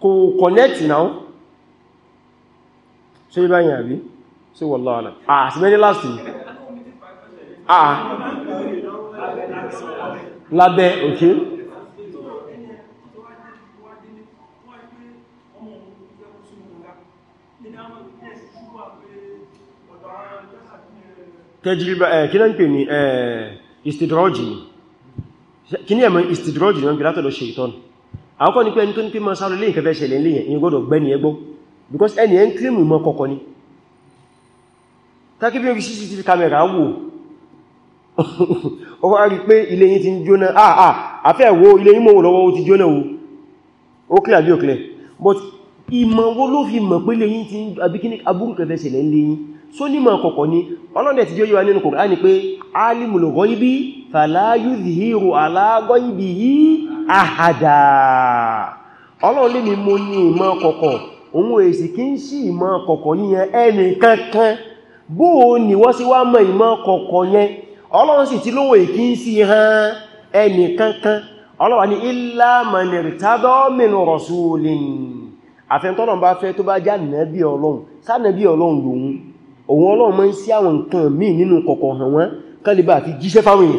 kò kọ̀nẹ́tì náà ṣe ibá yìí àbí sí wallahu alam àà sí mẹ́rin last week àà lábẹ́ òkè kẹjìlá eh, kí náà ń pè ní ìstìdrọ́jì eh, ni kí ní ẹ̀mọ̀ istidrọ́jì ní wọ́n bí látọ̀lọ́ ṣe ìtọ́nù àkọ́kọ́ ní pé ẹni tó ní pé máa sáré léyìn kẹfẹ́ ṣẹlẹ̀ léyìn ìyẹn gbọ́dọ̀ gbẹ́ni ẹgbọ́ because ẹni ẹ ń kírímù mọ́ kọ̀kọ́ ni tákí bí i CCTV camera wò ó wá rí pé ilé yìí ti ń jóná àà àfẹ́ wo ilé yìí mọ́ o ó clear bí ó clear but ìmọ̀ wo ló fi mọ̀ pé lẹ́yìn tí abúrú kẹfẹ́ ṣẹlẹ̀ léyìn só ní mọ̀ kọ̀kọ́ ni ọlọ́dẹ̀ ti jẹ́ yíwa nínú Kùránì pé alimul ghaibi fala yudhiru ala ghaibihi ahada ọlọ́run lè mi mo ní ìmọ̀ kọ̀kọ̀ òun èsì kí ń sí ìmọ̀ kọ̀kọ̀ yíyẹn ẹni kankan bó o ní wọ́n sí wá mọ̀ ìmọ̀ kọ̀kọ̀ yẹn ọlọ́run sì ti lówó ìkí ń sí hàn ẹni kankan ọlọ́run ní illa man irtada min rasulin àfẹ́ntọ́nà bá fẹ́ tó bá já kálíbà àti jíṣẹ́ fáwọn èèyàn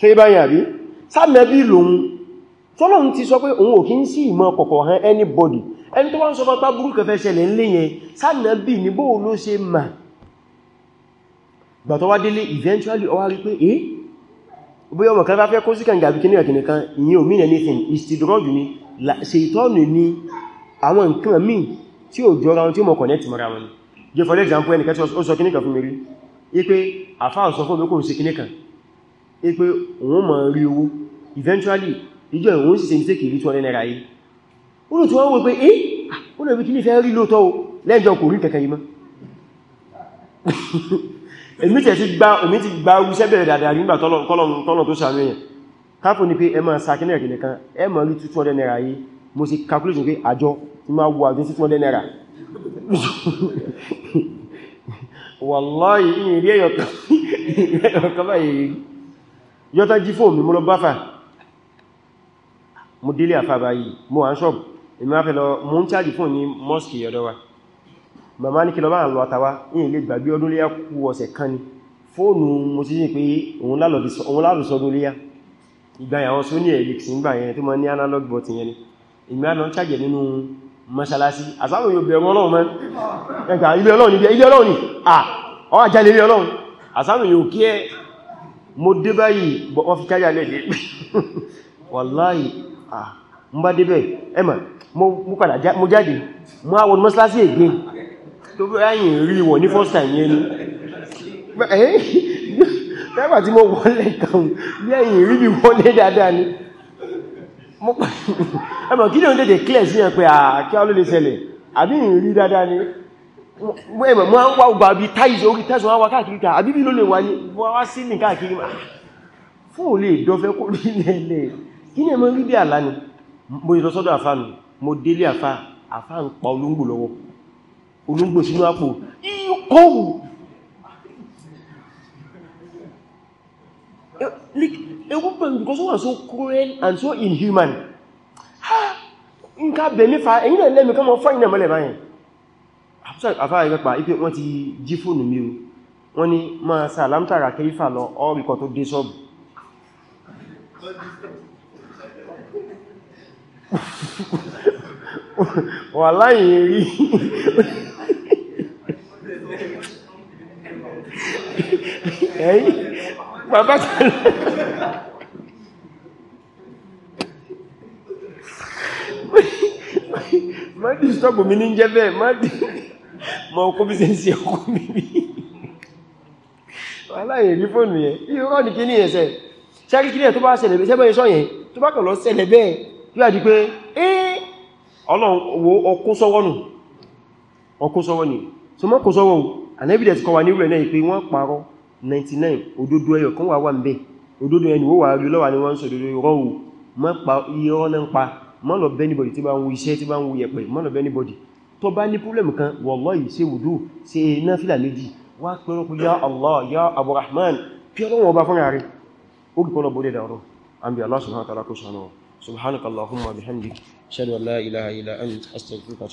ṣe báyìí àbí sáàmẹ́bí lòun tọ́lọ́run ti sọ pé òun ò kí ń sí ìmọ̀ kọ̀kọ̀ hàn anybody ẹni tó wọ́n sọ fọ́pá burúkẹ fẹ́ ṣẹlẹ̀ ń lè yẹn sáàmẹ́bí ní bóò ló ṣe mà gbà tó wá délé eventually ó wá rí pé eh bóyá ọmọ kan bá fẹ́ kó sí kànga àbíkí nìkan kìnìkan ìyẹn ò mean anything ìsìdìrọ́jù ni ṣe ìtọ́nù ni àwọn nǹkan míì tí ò jọra wọn tí ó mọ̀ connect mọ́ra wọn jẹ́ for example ẹnìkan tí ó sọ kìnìkan fún mi ipé àfáà sọ fún olókùn sí kìníkan ipé òun mọ̀ rí owó eventually ìjọ ìwọ̀n sì se ní tèkì rí 200 naira yìí ó lò tí wọ́n wó pé eh ó lè bí kí ní fẹ́ rí lóòtọ́ o lẹ́jọ kò rí kẹ̀kẹ́ yìí mọ́ [laughs] èmi tẹ̀ ti gba èmi ti gba wíṣẹ́ bẹ̀rẹ̀ dáadáa nígbà tọ́lọ̀ tó sàánú èèyàn káfò ní pé ẹ máa sàkínẹ̀ kìnìkan ẹ mọ̀ rí 200 naira yìí mo sì calculate pé àjọ tí máa wo àjọ 200 naira [laughs] wàláyé ìrìn rí ẹ̀yọ̀kan báyìí yọ́ta jí fóòmù mú lọ báfà mú dílé àfàbà yìí mú àṣọ́b ìmú afẹ́ lọ mú ń chájì fóòmù ní mọ́sùkì ọ̀dọ́ wa màmá ní kí lọ bá ń lọ àtàwá ní ilé gbàgbé ọdún léyà kú ọ̀sẹ̀ kan ni fóònù analog button yẹn ni ìmú àná ń mọ́ṣálásí àsáwọn yóò bẹ̀rọ ọlọ́run mẹ́ ẹgbà ilé ọlọ́run ibi ilé ọlọ́run ah ọwá jálẹ̀ ilé ọlọ́run àsáwọn yóò kí ẹ mo dé báyìí wọ́n fi káyà lẹ́lẹ́ [laughs] wàláyì ah mo bá débẹ̀ ẹmà mo padà mo jáde mo á wọn mọ́ṣálásí ègbé tó bí ráyìn rí wọ̀ ní first time yẹn ni [laughs] [laughs] ẹmọ̀ kí ní o dédé clear sí ẹ̀ pé àkí ọ ló lè ṣẹlẹ̀ àbí ìrí dáadáa ni ẹmọ̀ mọ́ ń wá ọgbà bí táìsì orí tẹ́sùn wá káàkiri ká àbí bí ló lè wá ní wá sí ní káàkiri ma fún ò lè dọ́fẹ́ kó rí lẹ́lẹ̀ kí ní ẹmọ̀ rí bí àlá ni mo yìí lọ́sọ́dọ̀ àfá mi mo délé àfá a woman because wọ́n so cruel and so inhuman ha nka bẹ̀mí fa èyí náà lẹ́mí kọmọ fọ́ìnà mọ́lẹ̀ báyìí àfáà ìrẹ́pàá ipé wọ́n ti jí fóònù mi o wọ́n ni máa sàlámtàrà kẹrífà lọ ọ́rìkọ tó dé sọ́bù wà bàbá tẹ̀lé má dì stọ́pù mi ní jẹ́ bẹ́ẹ̀ má dì mọ̀ ọkọ́ bí sẹ́sì ọkọ́ mi bí aláyè rí fóònù yẹn irọ́ ní kí ní ẹ̀sẹ̀ ṣáàkì kí ẹ̀ tó bá ṣẹlẹ̀ bẹ́ẹ̀ tó bá kàn lọ ṣẹlẹ̀ bẹ́ẹ̀ yóò àdí pé 99 òdodo ẹyọ kan wà wà ń bẹ òdodo ẹni ó wà rí lọ́wà ní wọ́n ń sọ òdodo rọ́wù mọ́ pa iye ọ́nà ń pa mọ́ lọ bẹ́ níbọ̀dì tí bá ń wo iṣẹ́ tí bá ń wo yẹ̀pẹ̀ mọ́ lọ bẹ́ níbọ̀dì tó bá ní púlẹ̀mù kan wallahi ṣe wùdú ṣe náfìlà méjì wá pẹ́rọ pé yá Allah yá Abu Rahman pí ọlọ́run ọba fúnra rẹ̀ ó kì pọ́lọ̀ subhanahu wa ta'ala subhanakallahumma bihamdik shadu an la ilaha anta astaghfiruka